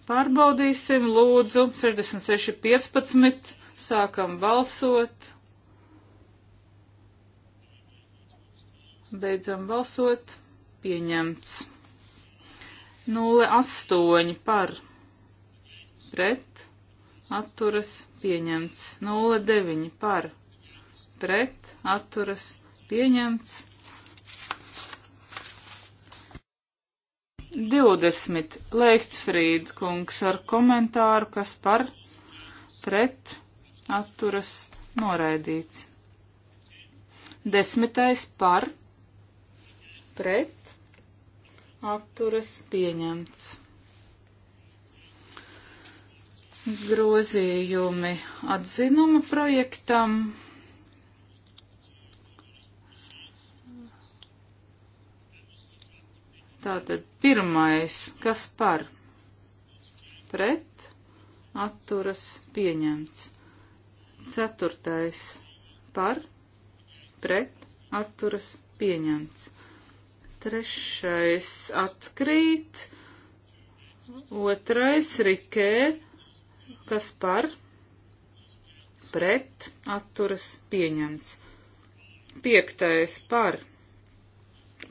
Pārbaudīsim, lūdzu, 66.15. Sākam balsot. Beidzam balsot. Pieņemts. 08 par pret atturas pieņemts. 09 par pret pret, atturas, pieņemts. 20. Leiktsfrīd kungs ar komentāru, kas par pret atturas noraidīts. Desmitais par pret atturas pieņemts. Grozījumi atzinuma projektam Tātad pirmais, kas par pret atturas pieņemts. Ceturtais par pret atturas pieņemts. Trešais atkrīt. Otrais rikē, kas par pret atturas pieņemts. Piektais par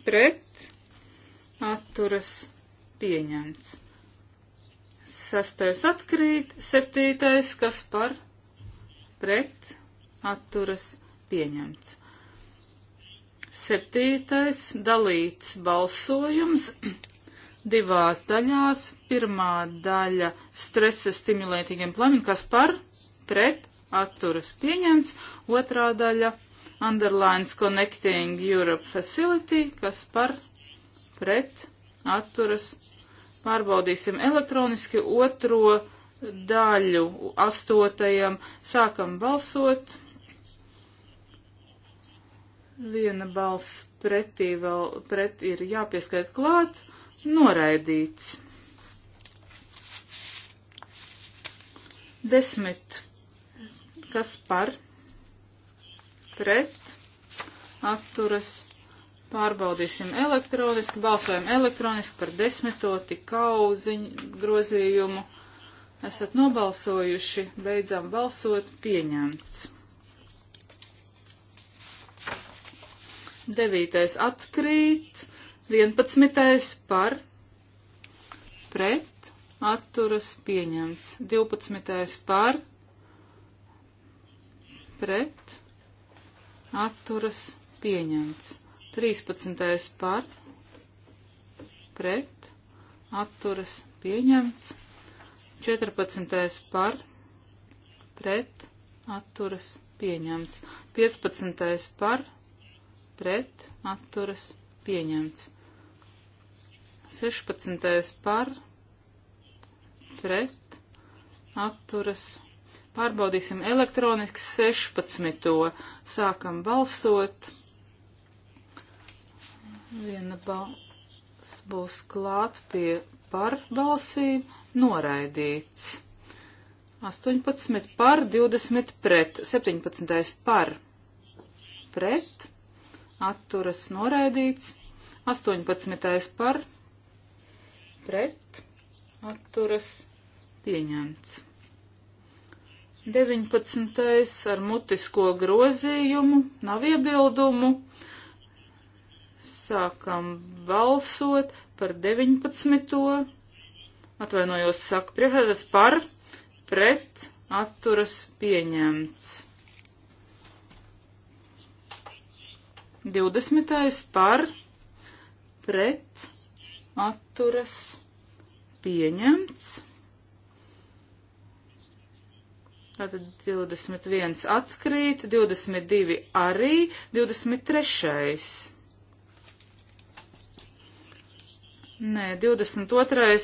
pret atturas pieņemts. Sastais atkrīt, septītais, kas par pret atturas pieņemts. Septītais dalīts balsojums divās daļās. Pirmā daļa stresa stimulētīgiem plemiem, kas par pret atturas pieņemts. Otrā daļa underlines connecting Europe facility, kas par pret pret, atturas. Pārbaudīsim elektroniski otro daļu astotajam. Sākam balsot. Viena balss pretī vēl pret ir jāpieskait klāt. Noraidīts. Desmit. Kas par? Pret. Atturas Pārbaudīsim elektroniski, balsojam elektroniski par desmito tikauziņu grozījumu. Esat nobalsojuši, beidzam balsot, pieņemts. Devītais atkrīt, vienpadsmitais par, pret, atturas pieņemts, divpadsmitais par, pret, atturas pieņemts. 13. par, pret, atturas pieņemts, 14. par, pret, atturas pieņemts, 15. par, pret, atturas pieņemts, 16. par, pret, atturas pārbaudīsim elektronisks 16. sākam balsot. Viena balss būs klāt pie par balsīm noraidīts. 18 par, 20 pret, 17 par, pret, atturas noraidīts, 18 par, pret, atturas pieņemts. 19. ar mutisko grozījumu nav iebildumu Sākam balsot par 19. Atvainojos, saka, priekšsēdētājs par, pret, atturas pieņemts. 20. par, pret, atturas pieņemts. Tātad 21 atkrīt, 22 arī, 23. Nē, 22.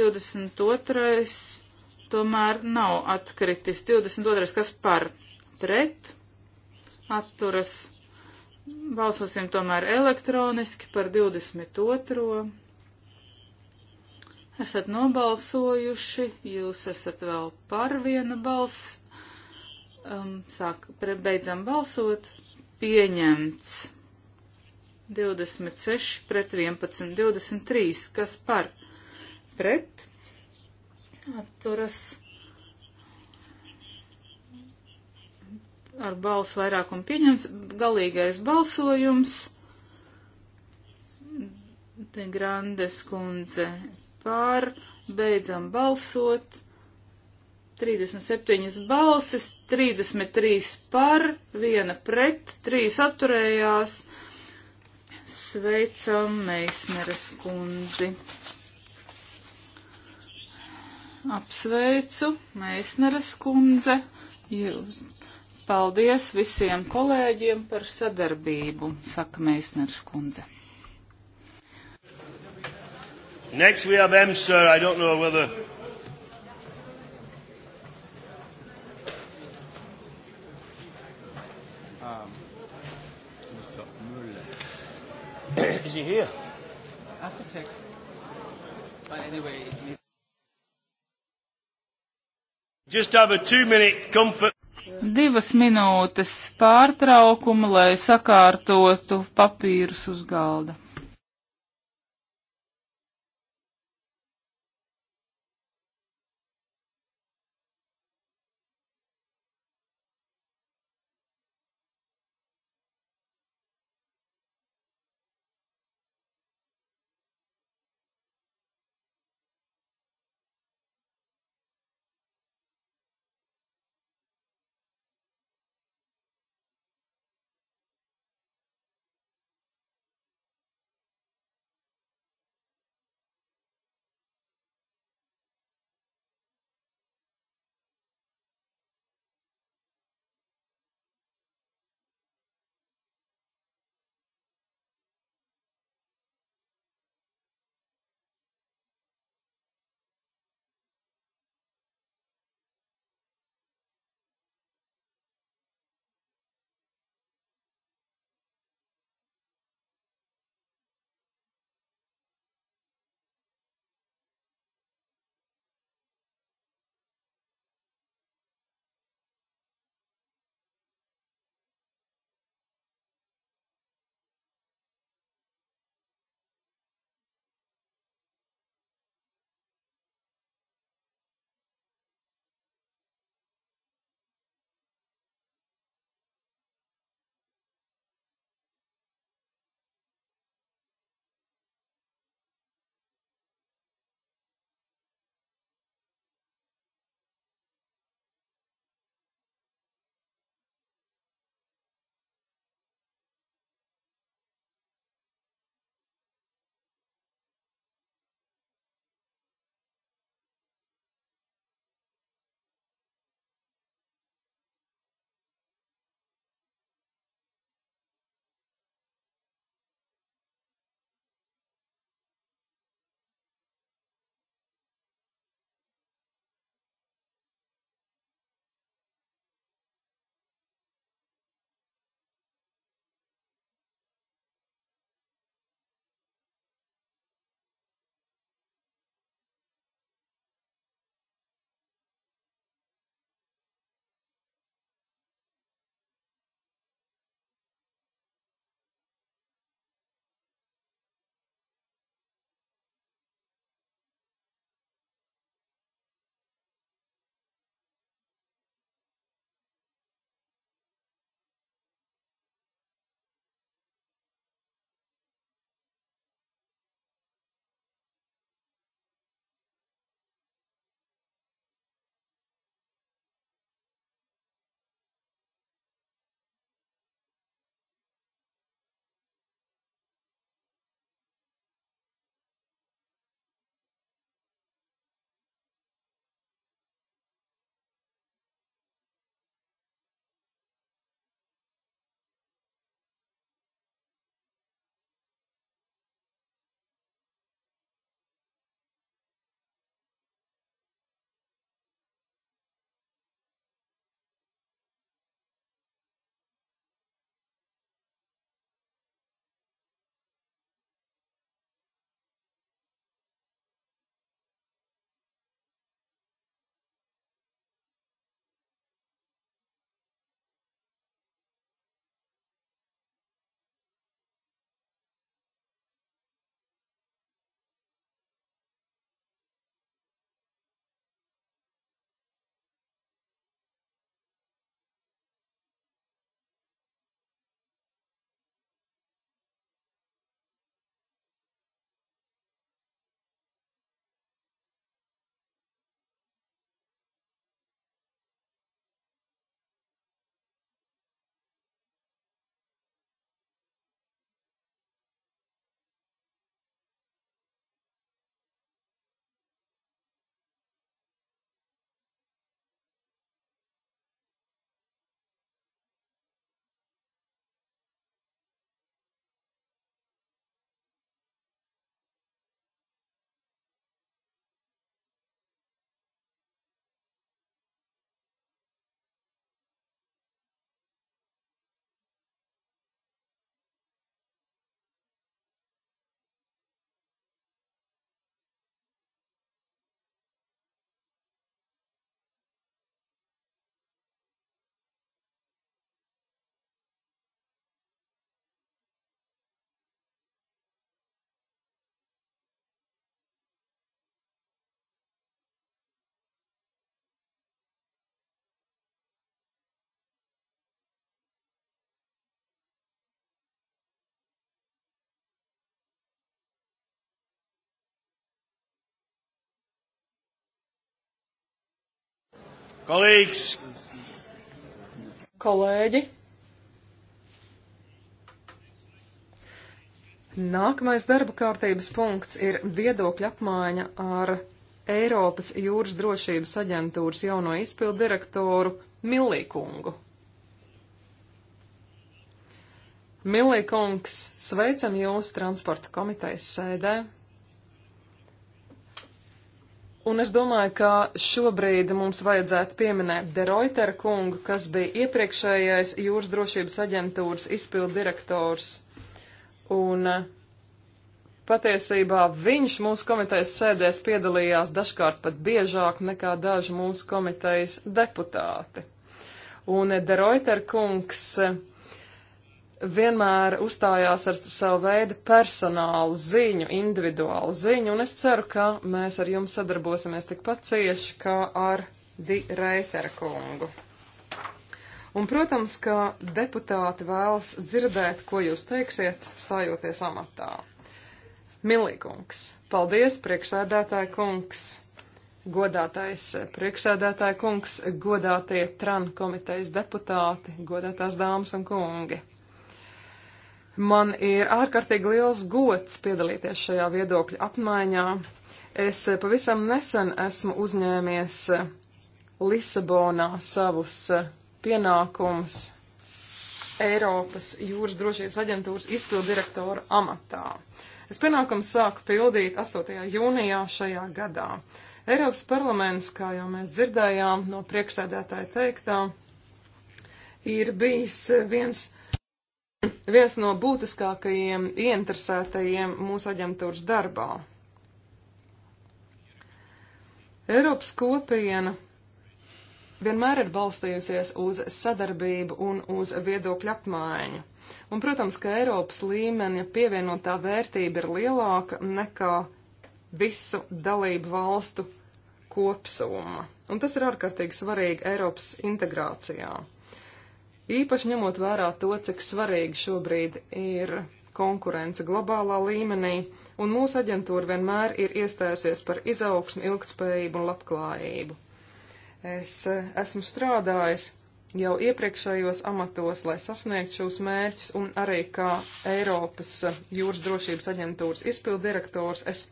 22. tomēr nav atkritis. 22. kas par pret atturas. Balsosim tomēr elektroniski par 22. Esat nobalsojuši, jūs esat vēl par vienu balsu. Um, sāk, beidzam balsot. Pieņemts. 26 pret 11, 23, kas par pret atturas ar balsu vairākumu pieņems galīgais balsojums. Te Grandes kundze pār, beidzam balsot. 37 balsis, 33 par, 1 pret, 3 atturējās. Sveicam Meisneres kundzi. Apsveicu Meisneres kundze. Jū. Paldies visiem kolēģiem par sadarbību, saka Meisneres kundze. Next we have M, sir. I don't know whether. Is he here? I have to check. But anyway, it needs... Just have a two-minute comfort. Divas minūtes pārtraukuma, lai sakārtotu papīrus uz galda. Kolēģis! Kolēģi! Nākamais darba kārtības punkts ir viedokļa apmaiņa ar Eiropas jūras drošības aģentūras jauno izpildu direktoru Millīkungu. Millīkungs, sveicam jūs transporta komitejas sēdē! Un es domāju, ka šobrīd mums vajadzētu pieminēt De Reuter kungu, kas bija iepriekšējais jūras drošības aģentūras izpildu direktors. Un eh, patiesībā viņš mūsu komitejas sēdēs piedalījās dažkārt pat biežāk nekā daži mūsu komitejas deputāti. Un eh, De Reuter kungs eh, vienmēr uzstājās ar savu veidu personālu ziņu, individuālu ziņu, un es ceru, ka mēs ar jums sadarbosimies tikpat cieši kā ar Di Reitera kungu. Un, protams, ka deputāti vēlas dzirdēt, ko jūs teiksiet, stājoties amatā. Milīkungs, paldies, priekšsēdētāja kungs, godātais priekšsēdētāja kungs, godātie tran komitejas deputāti, godātās dāmas un kungi. Man ir ārkārtīgi liels gods piedalīties šajā viedokļa apmaiņā. Es eh, pavisam nesen esmu uzņēmies eh, Lisabonā savus eh, pienākumus Eiropas jūras drošības aģentūras izpildirektora amatā. Es pienākums sāku pildīt 8. jūnijā šajā gadā. Eiropas parlaments, kā jau mēs dzirdējām no priekšsēdētāja teiktā, ir bijis viens viens no būtiskākajiem ieinteresētajiem mūsu aģentūras darbā. Eiropas kopiena vienmēr ir balstījusies uz sadarbību un uz viedokļu apmaiņu. Un, protams, ka Eiropas līmeņa pievienotā vērtība ir lielāka nekā visu dalību valstu kopsumma. Un tas ir ārkārtīgi svarīgi Eiropas integrācijā īpaši ņemot vērā to, cik svarīgi šobrīd ir konkurence globālā līmenī, un mūsu aģentūra vienmēr ir iestājusies par izaugsmu, ilgtspējību un labklājību. Es eh, esmu strādājis jau iepriekšējos amatos, lai sasniegtu šos mērķus, un arī kā Eiropas eh, jūras drošības aģentūras izpildirektors es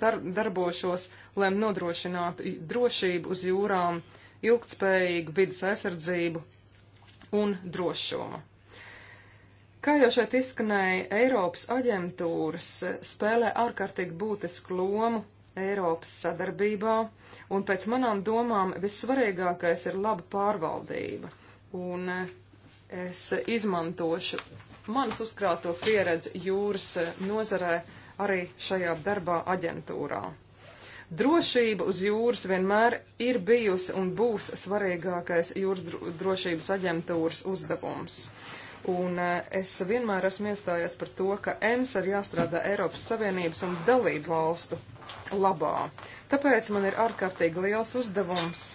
darbošos, lai nodrošinātu drošību uz jūrām, ilgtspējīgu vidas aizsardzību un drošumu. Kā jau šeit izskanēja, Eiropas aģentūras spēlē ārkārtīgi būtisku lomu Eiropas sadarbībā, un pēc manām domām vissvarīgākais ir laba pārvaldība. Un eh, es izmantošu manas uzkrāto pieredzi jūras eh, nozarē arī šajā darbā aģentūrā. Drošība uz jūras vienmēr ir bijusi un būs svarīgākais jūras drošības aģentūras uzdevums. Un e, es vienmēr esmu iestājies par to, ka EMS ir jāstrādā Eiropas Savienības un dalību valstu labā. Tāpēc man ir ārkārtīgi liels uzdevums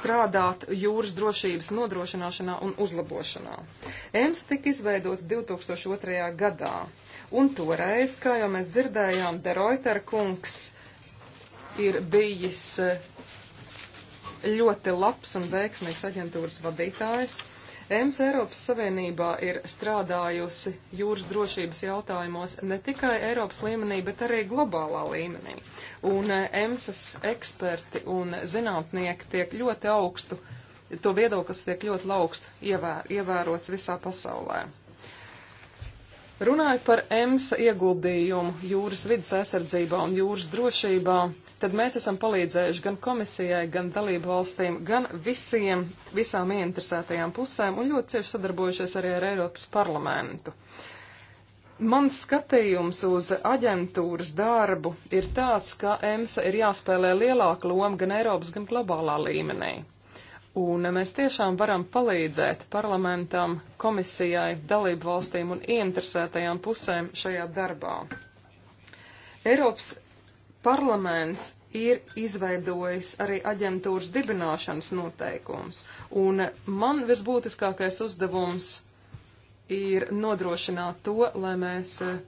strādāt jūras drošības nodrošināšanā un uzlabošanā. EMS tika izveidota 2002. gadā. Un toreiz, kā jau mēs dzirdējām, Deroiter kungs ir bijis eh, ļoti labs un veiksmīgs aģentūras vadītājs. EMS Eiropas Savienībā ir strādājusi jūras drošības jautājumos ne tikai Eiropas līmenī, bet arī globālā līmenī. Un eh, EMSas eksperti un zinātnieki tiek ļoti augstu, to viedoklis tiek ļoti augstu ievēr, ievērots visā pasaulē. Runājot par EMSA ieguldījumu jūras vidas aizsardzībā un jūras drošībā, tad mēs esam palīdzējuši gan komisijai, gan dalību valstīm, gan visiem, visām ieinteresētajām pusēm un ļoti cieši sadarbojušies arī ar Eiropas parlamentu. Mans skatījums uz aģentūras darbu ir tāds, ka EMSA ir jāspēlē lielāka loma gan Eiropas, gan globālā līmenī. Un mēs tiešām varam palīdzēt parlamentam, komisijai, dalību valstīm un ieinteresētajām pusēm šajā darbā. Eiropas parlaments ir izveidojis arī aģentūras dibināšanas noteikums, un man visbūtiskākais uzdevums ir nodrošināt to, lai mēs eh,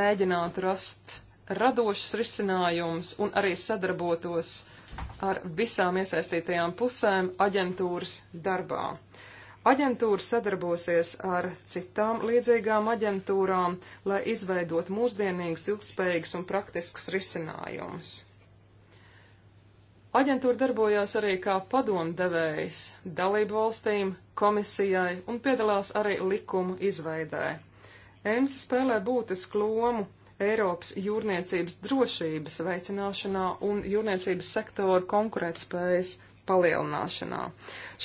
mēģinātu rast radošus risinājumus un arī sadarbotos ar visām iesaistītajām pusēm aģentūras darbā. Aģentūra sadarbosies ar citām līdzīgām aģentūrām, lai izveidot mūsdienīgus, ilgspējīgus un praktiskus risinājumus. Aģentūra darbojās arī kā padomdevējs dalību valstīm, komisijai un piedalās arī likumu izveidē. EMS spēlē būtisku lomu Eiropas jūrniecības drošības veicināšanā un jūrniecības sektoru konkurētspējas palielināšanā.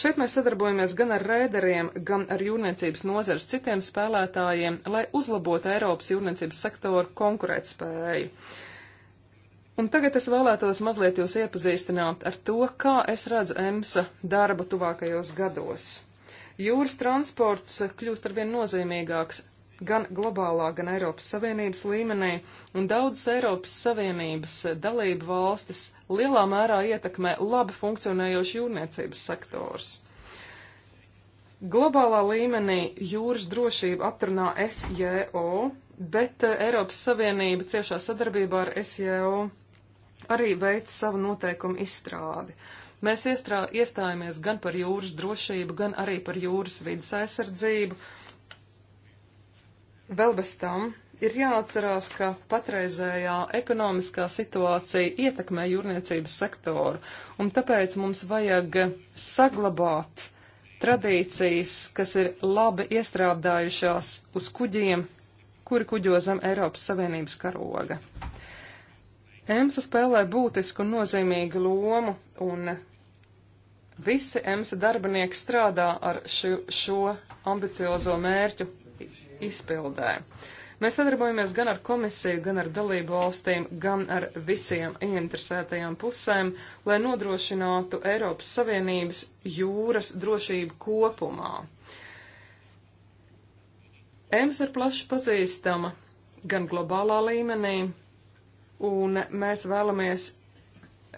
Šeit mēs sadarbojamies gan ar rēderiem, gan ar jūrniecības nozares citiem spēlētājiem, lai uzlabotu Eiropas jūrniecības sektoru konkurētspēju. Un tagad es vēlētos mazliet jūs iepazīstināt ar to, kā es redzu EMSA darba tuvākajos gados. Jūras transports kļūst arvien nozīmīgāks gan globālā, gan Eiropas Savienības līmenī, un daudzas Eiropas Savienības dalību valstis lielā mērā ietekmē labi funkcionējoši jūrniecības sektors. Globālā līmenī jūras drošību aptrunā SJO, bet eh, Eiropas Savienība ciešā sadarbībā ar SJO arī veic savu noteikumu izstrādi. Mēs iestrā, iestājāmies gan par jūras drošību, gan arī par jūras vidas aizsardzību, Vēl bez tam ir jāatcerās, ka patreizējā ekonomiskā situācija ietekmē jūrniecības sektoru, un tāpēc mums vajag saglabāt tradīcijas, kas ir labi iestrādājušās uz kuģiem, kuri kuģo zem Eiropas Savienības karoga. EMSA spēlē būtisku un nozīmīgu lomu, un visi EMSA darbinieki strādā ar šo, šo ambiciozo mērķu izpildē. Mēs sadarbojamies gan ar komisiju, gan ar dalību valstīm, gan ar visiem ieinteresētajām pusēm, lai nodrošinātu Eiropas Savienības jūras drošību kopumā. Ems ir plaši pazīstama gan globālā līmenī, un mēs vēlamies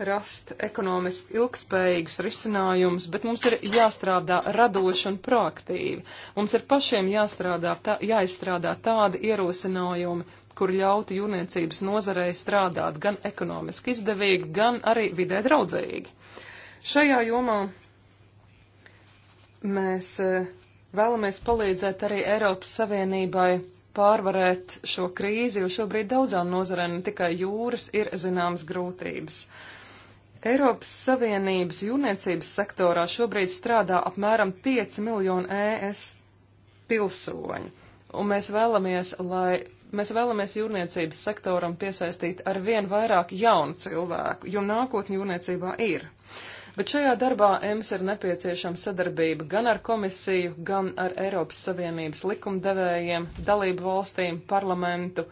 rast ekonomiski ilgspējīgus risinājumus, bet mums ir jāstrādā radoši un proaktīvi. Mums ir pašiem jāstrādā, tā, jāizstrādā tādi ierosinājumi, kur ļautu jūrniecības nozarei strādāt gan ekonomiski izdevīgi, gan arī vidē draudzīgi. Šajā jomā mēs eh, vēlamies palīdzēt arī Eiropas Savienībai pārvarēt šo krīzi, jo šobrīd daudzām nozarēm, ne tikai jūras, ir zināmas grūtības. Uh, Eiropas Savienības jūrniecības sektorā šobrīd strādā apmēram 5 miljonu ES pilsoņu, un mēs vēlamies, lai mēs vēlamies jūrniecības sektoram piesaistīt ar vien vairāk jaunu cilvēku, jo nākotni jūrniecībā ir. Bet šajā darbā EMS ir nepieciešama sadarbība gan ar komisiju, gan ar Eiropas Savienības likumdevējiem, dalību valstīm, parlamentu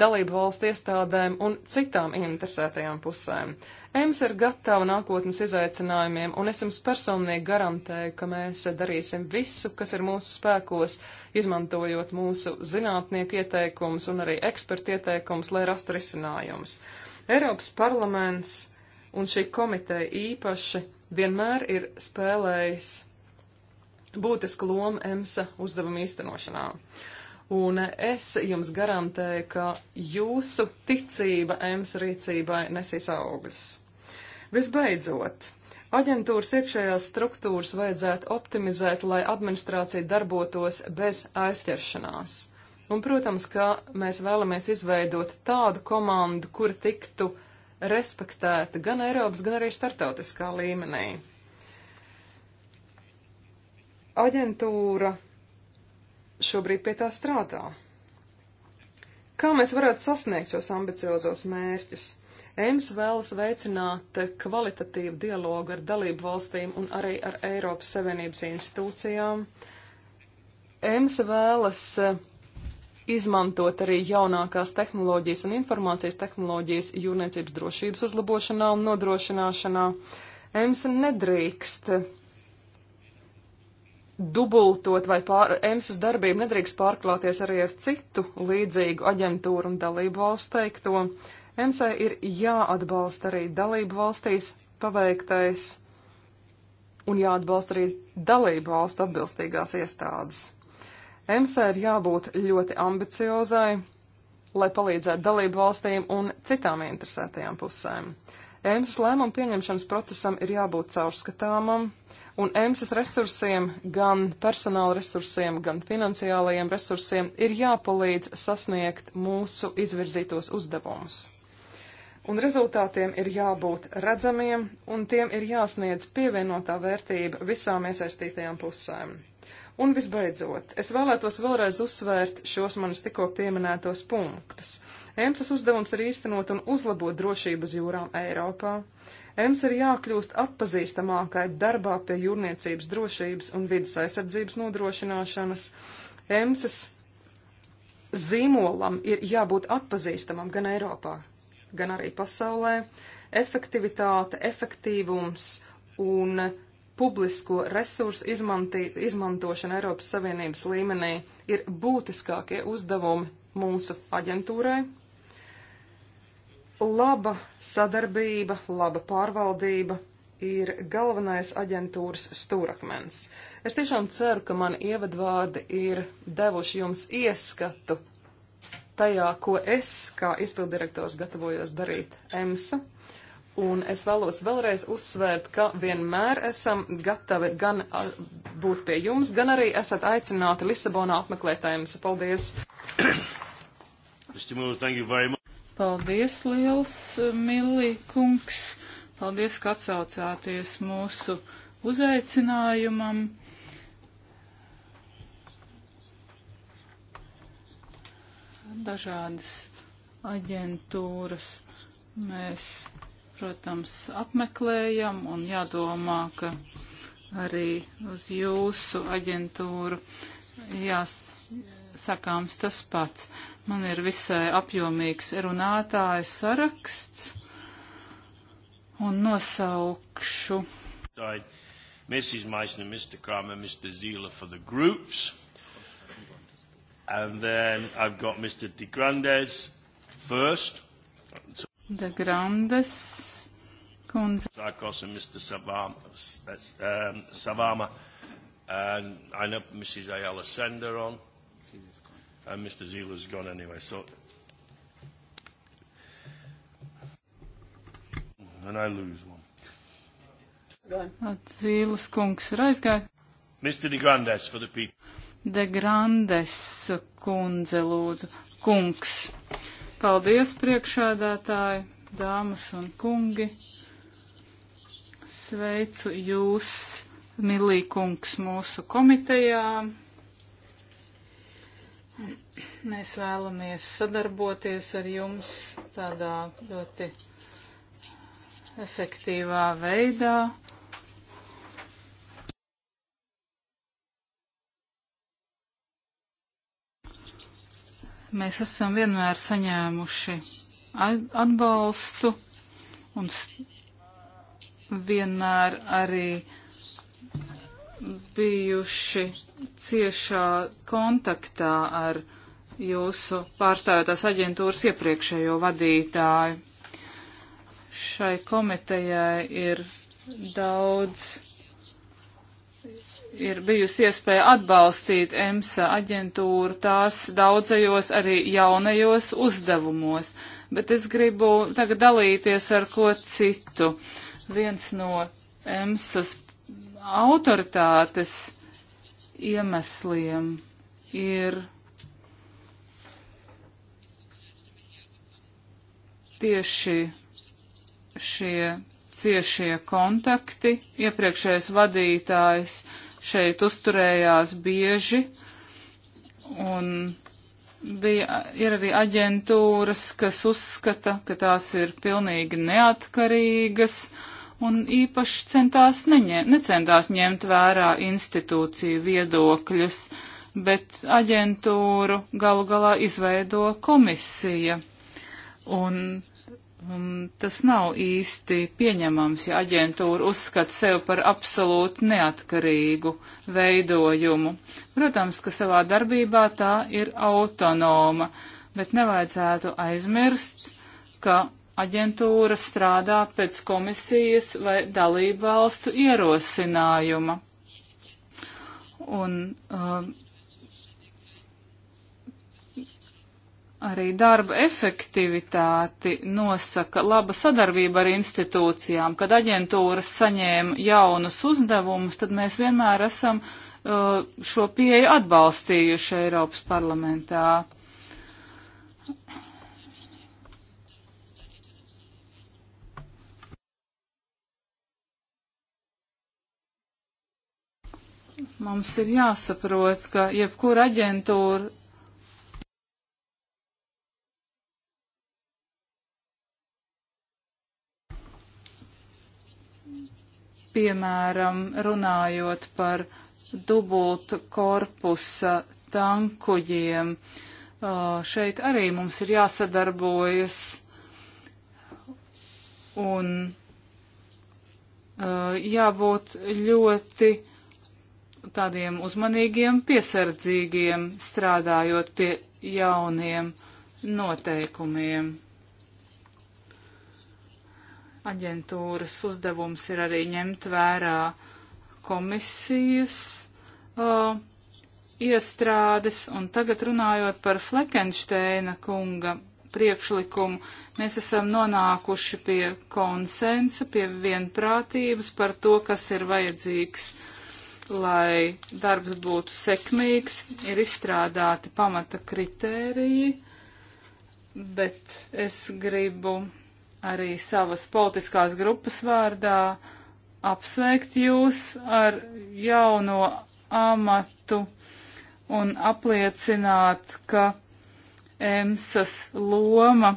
dalību valstu iestādēm un citām interesētajām pusēm. EMS ir gatava nākotnes izaicinājumiem, un es jums personīgi garantēju, ka mēs darīsim visu, kas ir mūsu spēkos, izmantojot mūsu zinātnieku ieteikumus un arī ekspertu ieteikumus, lai rastu risinājumus. Eiropas parlaments un šī komiteja īpaši vienmēr ir spēlējis būtisku lomu EMSA uzdevumu īstenošanā. Uh, un es jums garantēju, ka jūsu ticība EMS rīcībai nesīs augļus. Visbeidzot, aģentūras iekšējās struktūras vajadzētu optimizēt, lai administrācija darbotos bez aizķeršanās. Un, protams, ka mēs vēlamies izveidot tādu komandu, kur tiktu respektēta gan Eiropas, gan arī starptautiskā līmenī. Aģentūra šobrīd pie tā strādā. Kā mēs varētu sasniegt šos ambiciozos mērķus? EMS vēlas veicināt kvalitatīvu dialogu ar dalību valstīm un arī ar Eiropas Savienības institūcijām. EMS vēlas eh, izmantot arī jaunākās tehnoloģijas un informācijas tehnoloģijas jūrniecības drošības uzlabošanā un nodrošināšanā. EMS nedrīkst dubultot vai pār, EMSAS darbību nedrīkst pārklāties arī ar citu līdzīgu aģentūru un dalību valstu teikto. EMSA ir jāatbalsta arī dalību valstīs paveiktais un jāatbalsta arī dalību valstu atbilstīgās iestādes. EMSA ir jābūt ļoti ambiciozai, lai palīdzētu dalību valstīm un citām interesētajām pusēm. EMSA lēmumu pieņemšanas procesam ir jābūt caurskatāmam, un EMSAS resursiem, gan personāla resursiem, gan finansiālajiem resursiem ir jāpalīdz sasniegt mūsu izvirzītos uzdevumus. Un rezultātiem ir jābūt redzamiem, un tiem ir jāsniedz pievienotā vērtība visām iesaistītajām pusēm. Un visbeidzot, es vēlētos vēlreiz uzsvērt šos manus tikko pieminētos punktus. EMSAS uzdevums ir īstenot un uzlabot drošības jūrām Eiropā. EMS ir jākļūst atpazīstamākai darbā pie jūrniecības drošības un vidas aizsardzības nodrošināšanas. EMS zīmolam ir jābūt atpazīstamam gan Eiropā, gan arī pasaulē. Efektivitāte, efektīvums un publisko resursu izmanti, izmantošana Eiropas Savienības līmenī ir būtiskākie uzdevumi mūsu aģentūrai, Laba sadarbība, laba pārvaldība ir galvenais aģentūras stūrakmens. Es tiešām ceru, ka mani ievadvārdi ir devuši jums ieskatu tajā, ko es kā izpildirektors gatavojos darīt EMSA. Un es vēlos vēlreiz uzsvērt, ka vienmēr esam gatavi gan būt pie jums, gan arī esat aicināti Lisabonā apmeklētājiem. Paldies! Paldies liels, eh, Milī kungs. Paldies, ka atsaucāties mūsu uzaicinājumam. Dažādas aģentūras mēs, protams, apmeklējam un jādomā, ka arī uz jūsu aģentūru jās sakāms tas pats. Man ir visai apjomīgs runātāju saraksts un nosaukšu. Sorry. Mrs. Meissner, Mr. Kramer, Mr. Zieler for the groups. And then I've got Mr. De Grandes first. So De Grandes. Kunze. Sarkos and Mr. Savama. That's, um, Savama. And I know Mrs. Ayala Sender on and Mr. Ziela's gone anyway. So, and I lose one. Zīles kungs ir aizgājis. Mr. De Grandes for the people. De Grandes kundze lūdzu. Kungs. Paldies priekšādātāji, dāmas un kungi. Sveicu jūs, milī kungs, mūsu komitejām. Mēs vēlamies sadarboties ar jums tādā ļoti efektīvā veidā. Mēs esam vienmēr saņēmuši atbalstu un vienmēr arī bijuši ciešā kontaktā ar jūsu pārstāvētās aģentūras iepriekšējo vadītāju. Šai komitejai ir daudz, ir bijusi iespēja atbalstīt EMSA aģentūru tās daudzajos arī jaunajos uzdevumos, bet es gribu tagad dalīties ar ko citu. Viens no EMSAs autoritātes iemesliem ir tieši šie ciešie kontakti. Iepriekšējais vadītājs šeit uzturējās bieži un bija, ir arī aģentūras, kas uzskata, ka tās ir pilnīgi neatkarīgas un īpaši centās neņem, necentās ņemt vērā institūciju viedokļus, bet aģentūru galu galā izveido komisija. Un, un tas nav īsti pieņemams, ja aģentūra uzskata sevi par absolūti neatkarīgu veidojumu. Protams, ka savā darbībā tā ir autonoma, bet nevajadzētu aizmirst, ka aģentūra strādā pēc komisijas vai dalību valstu ierosinājuma. Un um, arī darba efektivitāti nosaka laba sadarbība ar institūcijām. Kad aģentūras saņēma jaunus uzdevumus, tad mēs vienmēr esam uh, šo pieeju atbalstījuši Eiropas parlamentā. Mums ir jāsaprot, ka jebkura aģentūra piemēram, runājot par dubultu korpusa tankuģiem. Šeit arī mums ir jāsadarbojas un jābūt ļoti tādiem uzmanīgiem, piesardzīgiem, strādājot pie jauniem noteikumiem. Aģentūras uzdevums ir arī ņemt vērā komisijas uh, iestrādes, un tagad runājot par Flekensteina kunga priekšlikumu, mēs esam nonākuši pie konsensa, pie vienprātības par to, kas ir vajadzīgs uh, lai darbs būtu sekmīgs, ir izstrādāti pamata kritēriji, bet es gribu arī savas politiskās grupas vārdā apsveikt jūs ar jauno amatu un apliecināt, ka EMSAS loma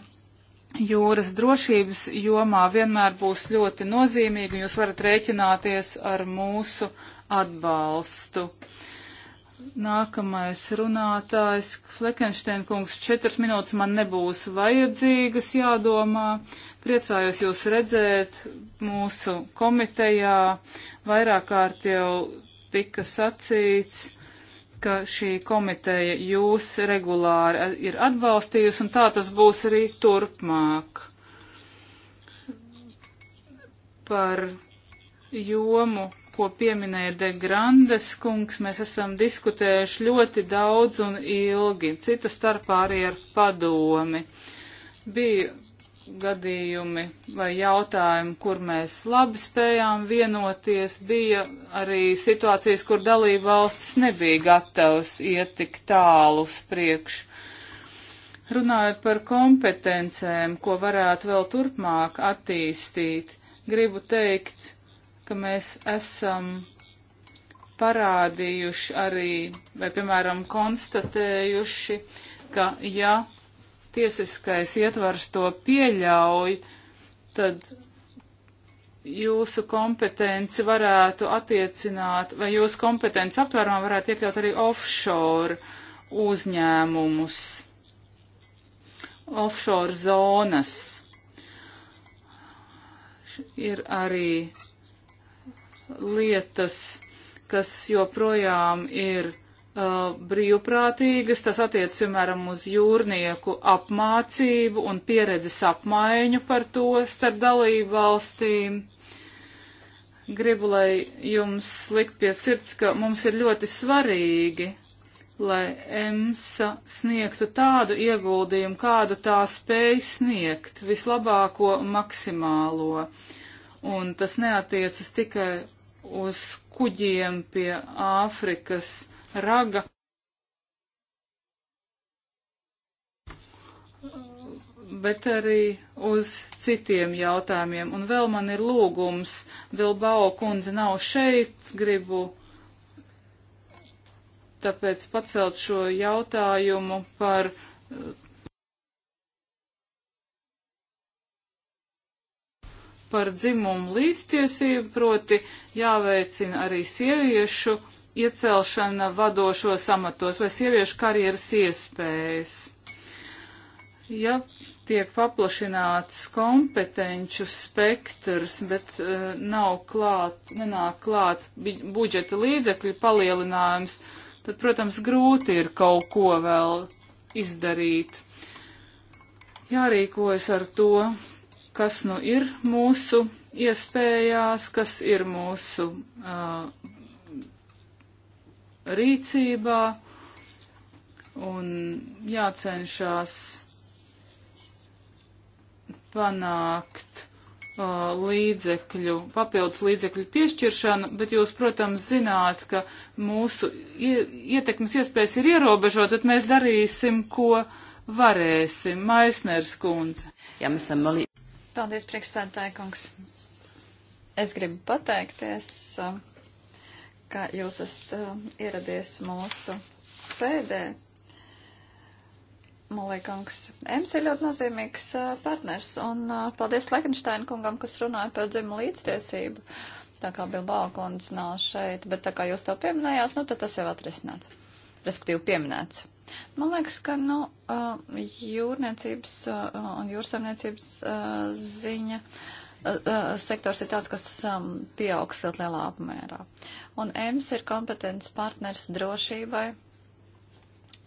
jūras drošības jomā vienmēr būs ļoti nozīmīga, un jūs varat rēķināties ar mūsu atbalstu. Nākamais runātājs Flekenšteina kungs. Četras minūtes man nebūs vajadzīgas jādomā. Priecājos jūs redzēt mūsu komitejā. Vairāk kārt jau tika sacīts, ka šī komiteja jūs regulāri ir atbalstījusi, un tā tas būs arī turpmāk. Par jomu ko pieminēja De Grandes kungs, mēs esam diskutējuši ļoti daudz un ilgi, cita starpā arī ar padomi. Bija gadījumi vai jautājumi, kur mēs labi spējām vienoties, bija arī situācijas, kur dalība valstis nebija gatavs iet tik tālu uz priekšu. Runājot par kompetencēm, ko varētu vēl turpmāk attīstīt, gribu teikt, ka mēs esam parādījuši arī, vai, piemēram, konstatējuši, ka, ja tiesiskais ietvars to pieļauj, tad jūsu kompetenci varētu attiecināt, vai jūsu kompetenci aptvērumā varētu iekļaut arī offshore uzņēmumus, offshore zonas. Ir arī lietas, kas joprojām ir uh, brīvprātīgas. Tas attiec, piemēram, uz jūrnieku apmācību un pieredzes apmaiņu par to starp dalību valstīm. Gribu, lai jums likt pie sirds, ka mums ir ļoti svarīgi, lai EMSA sniegtu tādu ieguldījumu, kādu tā spēj sniegt, vislabāko maksimālo. Un tas neatiecas tikai uz kuģiem pie Āfrikas raga. bet arī uz citiem jautājumiem. Un vēl man ir lūgums, Bilbao kundze nav šeit, gribu tāpēc pacelt šo jautājumu par par dzimumu līdztiesību, proti jāveicina arī sieviešu iecelšana vadošos amatos vai sieviešu karjeras iespējas. Ja tiek paplašināts kompetenču spektrs, bet uh, nav klāt, nenāk klāt budžeta līdzekļu palielinājums, tad, protams, grūti ir kaut ko vēl izdarīt. Jārīkojas ar to, kas nu ir mūsu iespējās, kas ir mūsu uh, rīcībā un jācenšas panākt uh, līdzekļu, papildus līdzekļu piešķiršanu, bet jūs, protams, zināt, ka mūsu ietekmes iespējas ir ierobežot, tad mēs darīsim, ko varēsim. Maisners kundze. Ja mēs esam malī. Paldies, priekšstādātāja kungs. Es gribu pateikties, um, ka jūs esat um, ieradies mūsu sēdē. Molīkungs, Ems ir ļoti nozīmīgs uh, partners, un uh, paldies Lekenšteina kungam, kas runāja par dzimumu līdztiesību. Tā kā Bilbao kundze nav šeit, bet tā kā jūs to pieminējāt, nu tad tas jau atrisināts, respektīvi pieminēts. Man liekas, ka nu, jūrniecības un jūrsaimniecības ziņa sektors ir tāds, kas pieaugs ļoti lielā apmērā. Un EMS ir kompetents partners drošībai.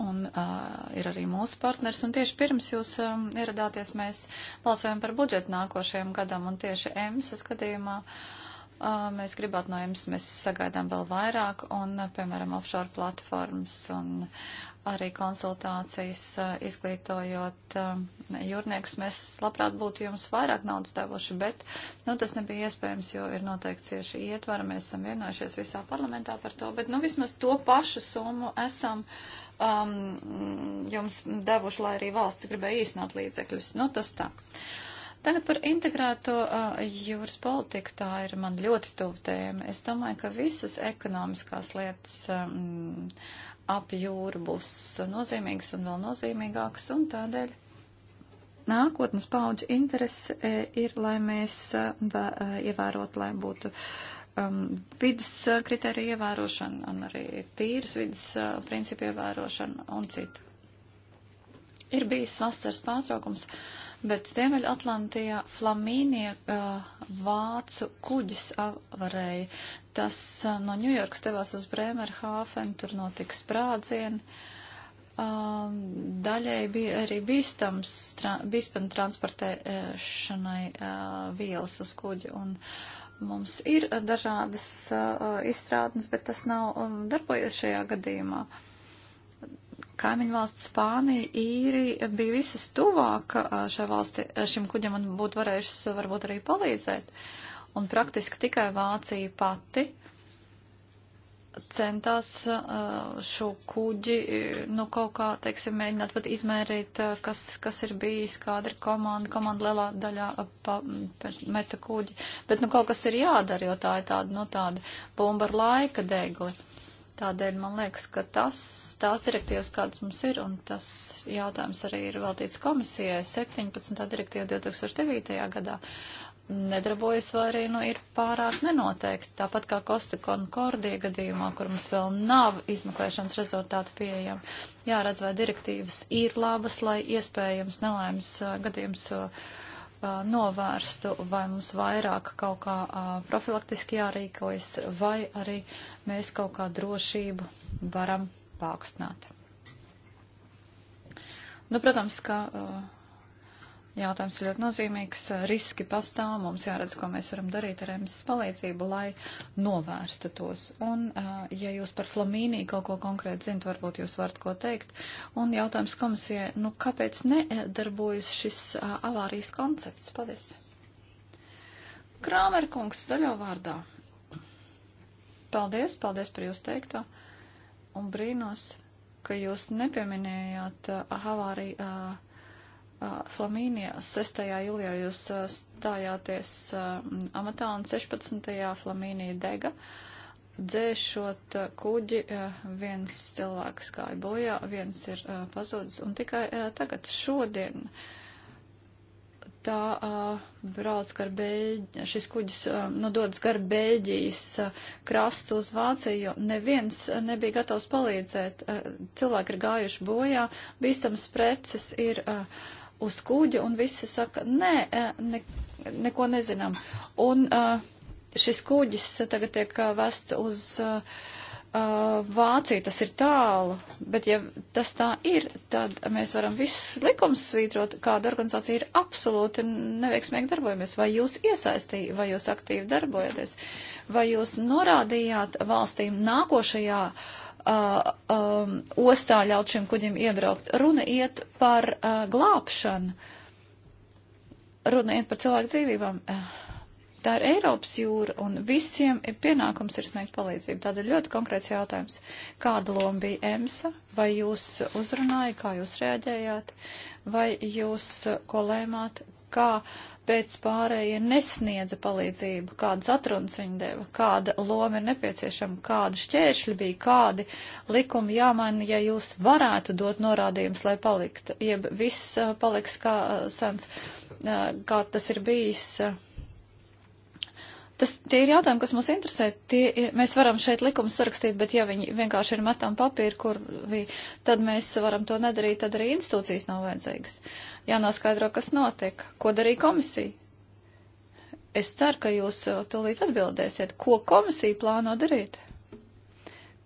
Un uh, ir arī mūsu partners, un tieši pirms jūs um, ieradāties, mēs balsojam par budžetu nākošajam gadam, un tieši EMSA skatījumā uh, mēs gribētu no jums, mēs sagaidām vēl vairāk, un, piemēram, offshore platformas un arī konsultācijas izglītojot jūrniekus. Mēs labprāt būtu jums vairāk naudas devuši, bet, nu, tas nebija iespējams, jo ir noteikti cieši ietvara. Mēs esam vienojušies visā parlamentā par to, bet, nu, vismaz to pašu summu esam um, jums devuši, lai arī valsts gribēja īsnāt līdzekļus. Nu, tas tā. Uh, Tagad par integrēto uh, jūras politiku. Tā ir man ļoti tuva tēma. Es domāju, ka visas ekonomiskās lietas um, ap jūru būs nozīmīgas un vēl nozīmīgākas, un tādēļ nākotnes paudžu interese ir, lai mēs uh, ievērot, lai būtu um, vidas kriteriju ievērošana un arī tīras vidas uh, principu ievērošana un citu. Ir bijis vasaras pārtraukums. Uh, bet Ziemeļatlantijā Flamīnie uh, vācu kuģis avarēja. Tas uh, no Ņujorkas devās uz Brēmerhāfen, tur notika sprādzieni. Uh, daļai bija arī bīstams, tra, bīstami transportēšanai uh, vielas uz kuģi. Un mums ir dažādas uh, izstrādnes, bet tas nav um, darbojies šajā gadījumā. Uh, kaimiņu valsts Spānija, īri bija visas tuvāk šai valsti, šim kuģim un būtu varējušas varbūt arī palīdzēt. Un praktiski tikai Vācija pati centās šo kuģi, nu, kaut kā, teiksim, mēģināt pat izmērīt, kas, kas ir bijis, kāda ir komanda, komanda lielā daļā pa, meta kuģi. Bet, nu, kaut kas ir jādara, jo tā ir tāda, nu, tāda bomba ar laika degli. Tādēļ man liekas, ka tas, tās direktīvas, kādas mums ir, un tas jautājums arī ir veltīts komisijai, 17. direktīva 2009. gadā, nedarbojas vai arī nu, ir pārāk nenoteikti. Tāpat kā Kosta Konkordija gadījumā, kur mums vēl nav izmeklēšanas rezultātu pieejama, jāredz, vai direktīvas ir labas, lai iespējams nelaimes gadījums. Uh, novērstu, vai mums vairāk kaut kā profilaktiski jārīkojas, vai arī mēs kaut kā drošību varam paaugstināt. Nu, protams, ka uh, Jautājums ļoti nozīmīgs. Riski pastāv. Mums jāredz, ko mēs varam darīt ar EMS palīdzību, lai novērstu tos. Un, ja jūs par Flamīnī kaut ko konkrēti zinat, varbūt jūs varat ko teikt. Un jautājums komisijai, nu kāpēc nedarbojas šis avārijas koncepts? Paldies. Krāmerkungs zaļo vārdā. Paldies, paldies par jūsu teikto. Un brīnos, ka jūs nepieminējāt avāriju. Flamīnijā 6. jūlijā jūs stājāties amatā un 16. Flamīnija dega. Dzēšot kuģi, viens cilvēks gāja bojā, viens ir pazudis, un tikai tagad šodien tā brauc gar Beļģiju, šis kuģis nododas nu, gar Beļģijas krastu uz Vāciju, jo neviens nebija gatavs palīdzēt. Cilvēki ir gājuši bojā, bīstams preces ir. Uh, uz kuģa, un visi saka, nē, e, ne, neko nezinām. Un e, šis kuģis tagad tiek e, vests uz Vāciju, tas ir tālu, bet ja tas tā ir, tad mēs varam visus likums svītrot, kāda organizācija ir absolūti neveiksmīgi darbojamies, vai jūs iesaistīja, vai jūs aktīvi darbojaties, vai jūs norādījāt valstīm nākošajā uh, uh, um, ostā ļaut šiem kuģiem iebraukt. Runa iet par uh, glābšanu, runa iet par cilvēku dzīvībām. Uh, tā ir Eiropas jūra, un visiem ir pienākums ir sniegt palīdzību. Tāda ir ļoti konkrēts jautājums. Kāda loma bija EMSA? Vai jūs uzrunājāt, kā jūs reaģējāt? Vai jūs uh, ko lēmāt? Kā uh, pēc pārējie nesniedza palīdzību, kādas atrunas viņi deva, kāda loma ir nepieciešama, kāda šķēršļi bija, kādi likumi jāmaina, ja jūs varētu dot norādījumus, lai paliktu, jeb viss uh, paliks kā uh, sens, uh, kā tas ir bijis. Uh, Tas, tie ir jautājumi, kas mums interesē. Tie, mēs varam šeit likumu sarakstīt, bet ja viņi vienkārši ir metam papīru, kur vi, tad mēs varam to nedarīt, tad arī institūcijas nav vajadzīgas. Jānoskaidro, kas notiek, ko darīja komisija. Es ceru, ka jūs uh, tūlīt atbildēsiet, ko komisija plāno darīt.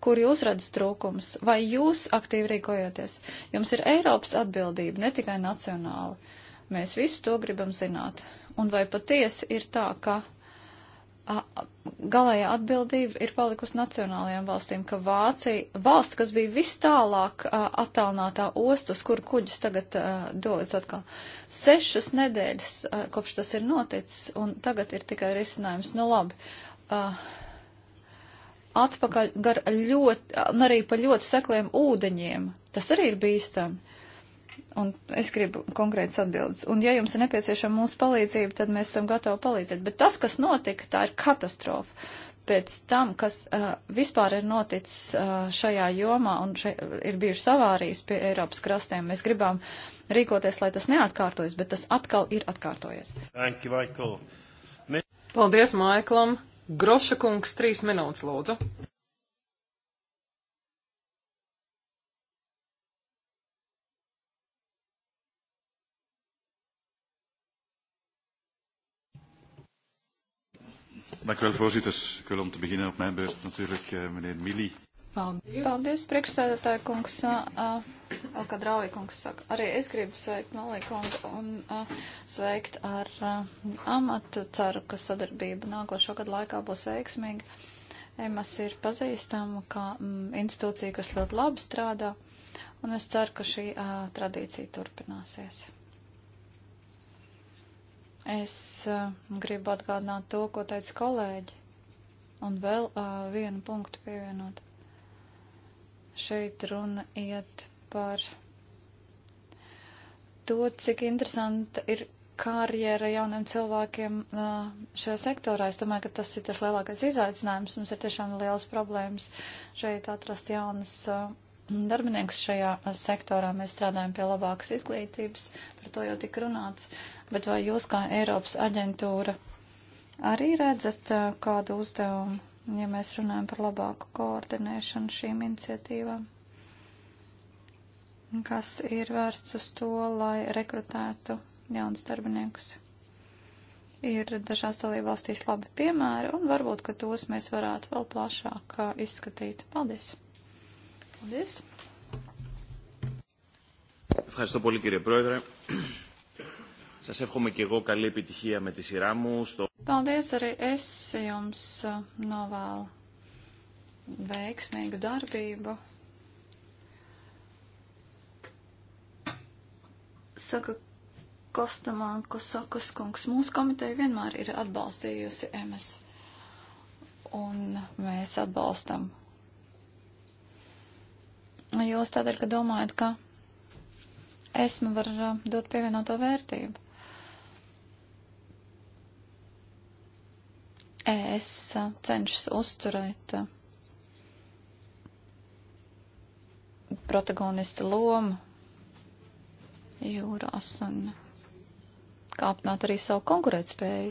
Kur jūs redzat trūkums? Vai jūs aktīvi rīkojaties? Jums ir Eiropas atbildība, ne tikai nacionāla. Mēs visu to gribam zināt. Un vai patiesi ir tā, ka galējā atbildība ir palikusi nacionālajām valstīm, ka Vācija, valsts, kas bija vis tālāk attālinātā osta, uz kuru kuģis tagad dodas atkal, sešas nedēļas a, kopš tas ir noticis, un tagad ir tikai risinājums, nu labi, a, atpakaļ gar ļoti, un arī pa ļoti sekliem ūdeņiem. Tas arī ir bīstami. Un es gribu konkrētas atbildes. Un ja jums ir nepieciešama mūsu palīdzība, tad mēs esam gatavi palīdzēt. Bet tas, kas notika, tā ir katastrofa. Pēc tam, kas uh, vispār ir noticis uh, šajā jomā un še, ir bijušas avārijas pie Eiropas krastiem, mēs gribam rīkoties, lai tas neatkārtojas, bet tas atkal ir atkārtojies. Thank you, Michael. Paldies, Maiklam. Groša kungs, trīs minūtes, lūdzu. Dank u wel, voorzitter. Ik wil om te beginnen op mijn beurt natuurlijk uh, meneer Mili. Paldies, Paldies priekšsēdētāji kungs. Uh, Elka Drauja kungs saka, arī es gribu sveikt Malī kungu un uh, sveikt ar uh, amatu. Ceru, ka sadarbība nākošo gadu laikā būs veiksmīga. EMAS ir pazīstama kā mm, institūcija, kas ļoti labi strādā, un es ceru, ka šī uh, tradīcija turpināsies. Es uh, gribu atgādināt to, ko teica kolēģi, un vēl uh, vienu punktu pievienot. Šeit runa iet par to, cik interesanta ir karjera jauniem cilvēkiem uh, šajā sektorā. Es domāju, ka tas ir tas lielākais izaicinājums. Mums ir tiešām liels problēmas šeit atrast jaunas. Uh, Darbinieks šajā sektorā mēs strādājam pie labākas izglītības, par to jau tika runāts. Uh, bet vai jūs kā Eiropas aģentūra arī redzat kādu uzdevumu, ja mēs runājam par labāku koordinēšanu šīm iniciatīvām? Kas ir vērsts uz to, lai rekrutētu jaunus darbiniekus? ir dažās dalībvalstīs labi piemēri, un varbūt, ka tos mēs varētu vēl plašāk izskatīt. Paldies! Paldies! Ευχαριστώ πολύ κύριε Πρόεδρε. Σας εύχομαι και εγώ καλή επιτυχία με τη σειρά μου. Στο... Paldies arī es jums uh, novēlu veiksmīgu darbību. Saka Kostamanko Sakas kungs, mūsu komiteja vienmēr ir atbalstījusi MS. Un mēs atbalstam. Jūs tādēļ, ka domājat, ka esmu var uh, dot pievienoto vērtību. ES uh, cenšas uzturēt uh, protagonista lomu jūrās un kāpnāt arī savu konkurētspēju.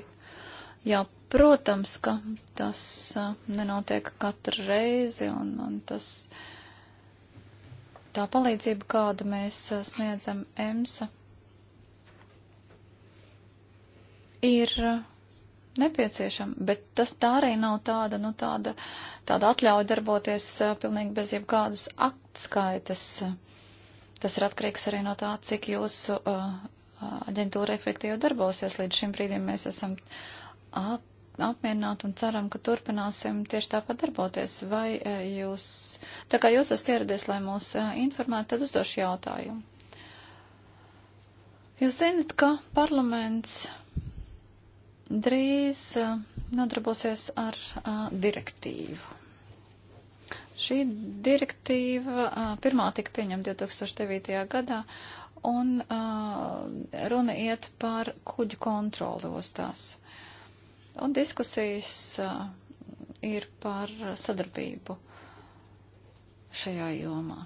Jā, protams, ka tas uh, nenotiek katru reizi un, un tas tā palīdzība, kādu mēs sniedzam EMSA, ir nepieciešama, bet tas tā arī nav tāda, nu, tāda, tāda atļauja darboties uh, pilnīgi bez jebkādas atskaites. Tas ir atkarīgs arī no tā, cik jūsu uh, aģentūra efektīvi darbosies. Līdz šim brīdim mēs esam at, apmierināti un ceram, ka turpināsim tieši tāpat darboties. Vai uh, jūs, tā kā jūs esat ieradies, lai mūs uh, informētu, tad uzdošu jautājumu. Jūs zinat, ka parlaments drīz uh, nodarbosies ar uh, direktīvu. Šī direktīva uh, pirmā tika pieņemta 2009. gadā, un runa iet par kuģu kontroli ostās. Un diskusijas ir par sadarbību šajā jomā.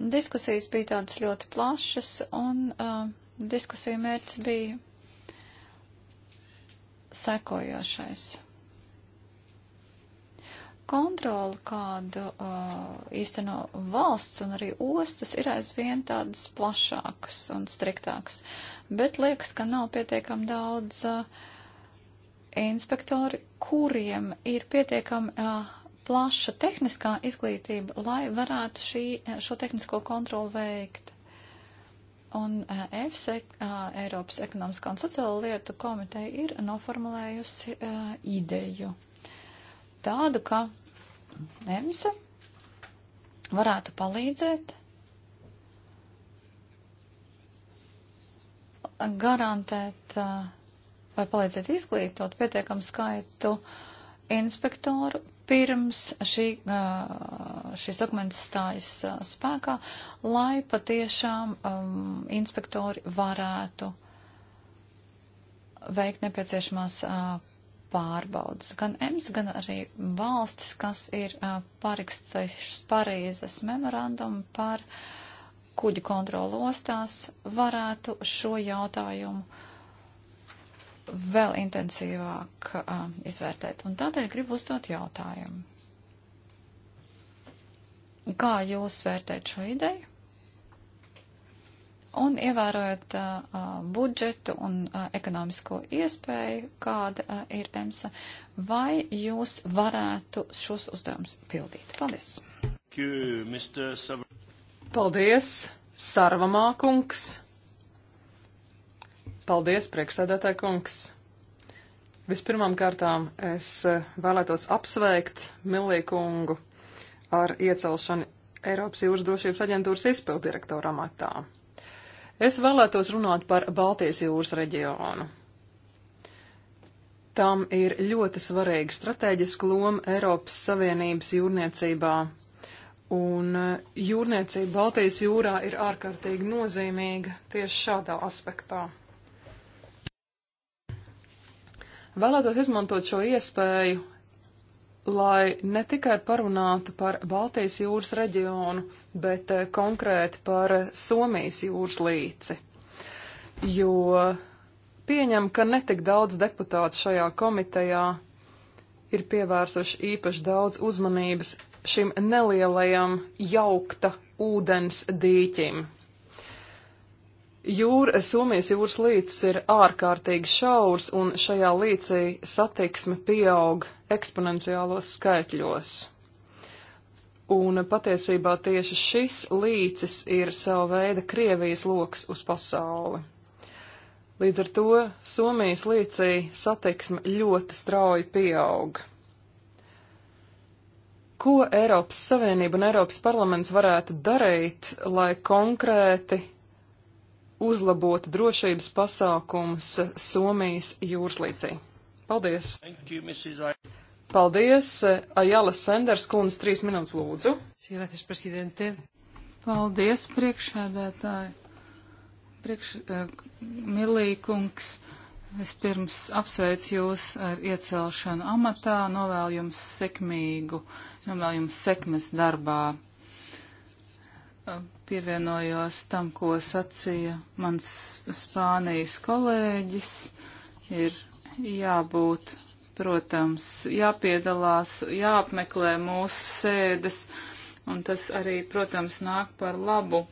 Diskusijas bija tādas ļoti plašas, un uh, diskusija mērķis bija sekojošais. Kontrola, kādu uh, īsteno valsts un arī ostas, ir aizvien tādas plašākas un striktākas, bet liekas, ka nav pietiekam daudz uh, inspektori, kuriem ir pietiekami uh, plaša tehniskā izglītība, lai varētu šī, šo tehnisko kontroli veikt. Un e, EFSE, Eiropas ekonomiskā un sociāla lietu komiteja, ir noformulējusi uh, ideju tādu, ka EMSA varētu palīdzēt garantēt e, vai palīdzēt izglītot pietiekamu skaitu inspektoru pirms šī, šis dokuments stājas spēkā, lai patiešām um, inspektori varētu veikt nepieciešamās uh, pārbaudas. Gan EMS, gan arī valstis, kas ir uh, parakstījušas Parīzes memorandumu par kuģu kontrolu ostās, varētu šo jautājumu vēl intensīvāk uh, izvērtēt. Un tādēļ gribu uzdot jautājumu. Kā jūs vērtējat šo ideju? Un ievērojot uh, budžetu un uh, ekonomisko iespēju, kāda uh, ir EMSA, vai jūs varētu šos uzdevumus pildīt? Paldies! Paldies, Sarvamākungs! Paldies, priekšsēdētāji kungs! Vispirmām kārtām es eh, vēlētos apsveikt Millī kungu ar iecelšanu Eiropas jūras drošības aģentūras izpildirektora amatā. Es vēlētos runāt par Baltijas jūras reģionu. Tam ir ļoti svarīga strateģiska loma Eiropas Savienības jūrniecībā, un eh, jūrniecība Baltijas jūrā ir ārkārtīgi nozīmīga tieši šādā aspektā. Vēlētos izmantot šo iespēju, lai ne tikai parunātu par Baltijas jūras reģionu, bet eh, konkrēti par Somijas jūras līci. Jo pieņem, ka netik daudz deputātu šajā komitejā ir pievērsuši īpaši daudz uzmanības šim nelielajam jaukta ūdens dīķim. Jūra, Somijas jūras līcis ir ārkārtīgi šaurs, un šajā līcī satiksme pieaug eksponenciālos skaitļos. Un patiesībā tieši šis līcis ir sava veida Krievijas loks uz pasauli. Līdz ar to Somijas līcī satiksme ļoti strauji pieaug. Ko Eiropas Savienība un Eiropas parlaments varētu darīt, lai konkrēti uzlabot drošības pasākums Somijas jūraslīcī. Paldies! You, Paldies! Ajala Senders kundze, trīs minūtes lūdzu. Paldies, priekšsēdētāji! Priekš, eh, Milīkungs, vispirms apsveicu jūs ar iecelšanu amatā, novēlu jums sekmīgu, novēlu jums sekmes darbā pievienojos tam, ko sacīja mans Spānijas kolēģis. Ir jābūt, protams, jāpiedalās, jāapmeklē mūsu sēdes, un tas arī, protams, nāk par labu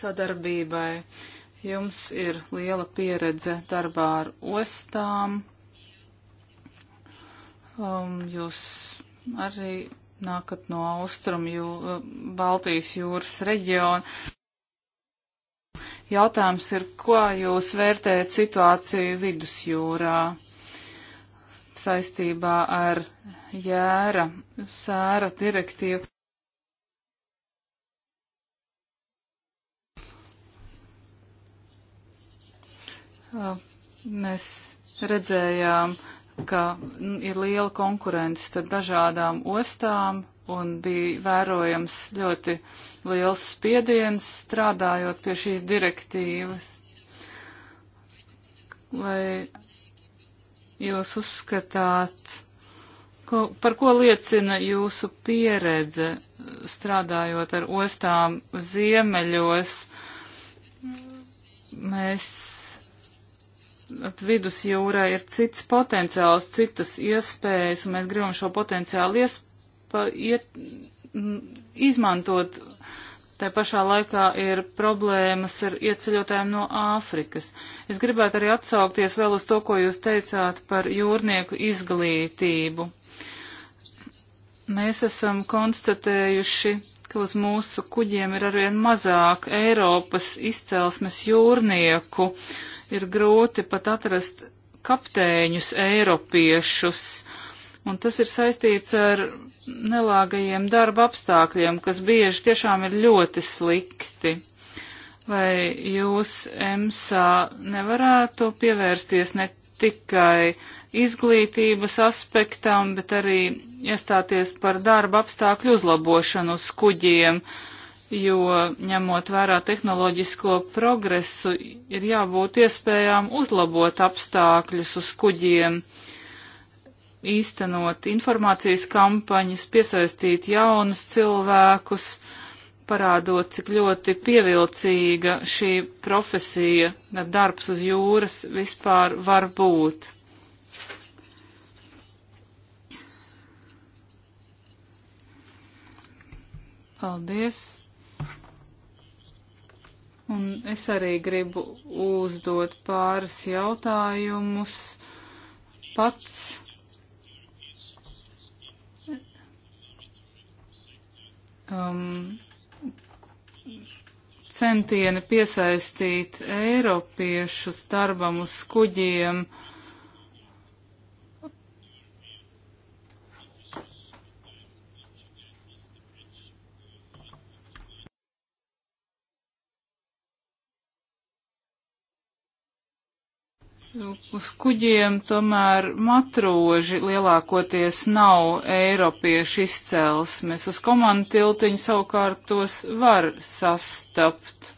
sadarbībai. Jums ir liela pieredze darbā ar ostām. Um, jūs arī nākat no austrumu jū, eh, Baltijas jūras reģiona. Jautājums ir, ko jūs vērtējat situāciju vidusjūrā saistībā ar jēra, sēra direktīvu? Eh, mēs redzējām uh, ka nu, ir liela konkurence starp dažādām ostām un bija vērojams ļoti liels spiediens strādājot pie šīs direktīvas. Vai jūs uzskatāt, ko, par ko liecina jūsu pieredze strādājot ar ostām ziemeļos? Mēs vidusjūrā ir cits potenciāls, citas iespējas, un mēs gribam šo potenciālu iespa, iet, izmantot. Tā pašā laikā ir problēmas ar ieceļotājiem no Āfrikas. Es gribētu arī atsaukties vēl uz to, ko jūs teicāt par jūrnieku izglītību. Mēs esam konstatējuši ka uz mūsu kuģiem ir arvien mazāk Eiropas izcelsmes jūrnieku. Ir grūti pat atrast kapteiņus Eiropiešus. Un tas ir saistīts ar nelāgajiem darba apstākļiem, kas bieži tiešām ir ļoti slikti. Vai jūs, EMSA, nevarētu pievērsties ne tikai uh, izglītības aspektam, bet arī iestāties par darba apstākļu uzlabošanu uz kuģiem, jo ņemot vērā tehnoloģisko progresu, ir jābūt iespējām uzlabot apstākļus uz kuģiem, īstenot informācijas kampaņas, piesaistīt jaunus cilvēkus, parādot, cik ļoti pievilcīga šī profesija, darbs uz jūras vispār var būt. Paldies! Un es arī gribu uzdot pāris jautājumus pats. Um, centieni piesaistīt eiropiešus darbam uz kuģiem uh, Nu, uz kuģiem tomēr matroži lielākoties nav eiropiešu izcelsmes. Uz komandu tiltiņu savukārt tos var sastapt.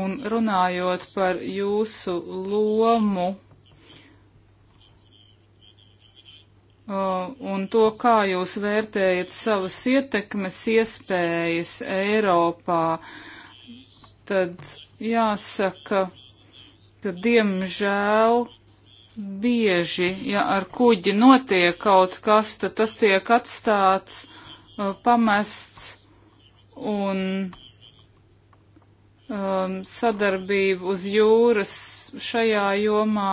Un runājot par jūsu lomu uh, un to, kā jūs vērtējat savas ietekmes iespējas Eiropā, tad jāsaka, tad diemžēl bieži, ja ar kuģi notiek kaut kas, tad tas tiek atstāts, uh, pamests un um, sadarbību uz jūras šajā jomā.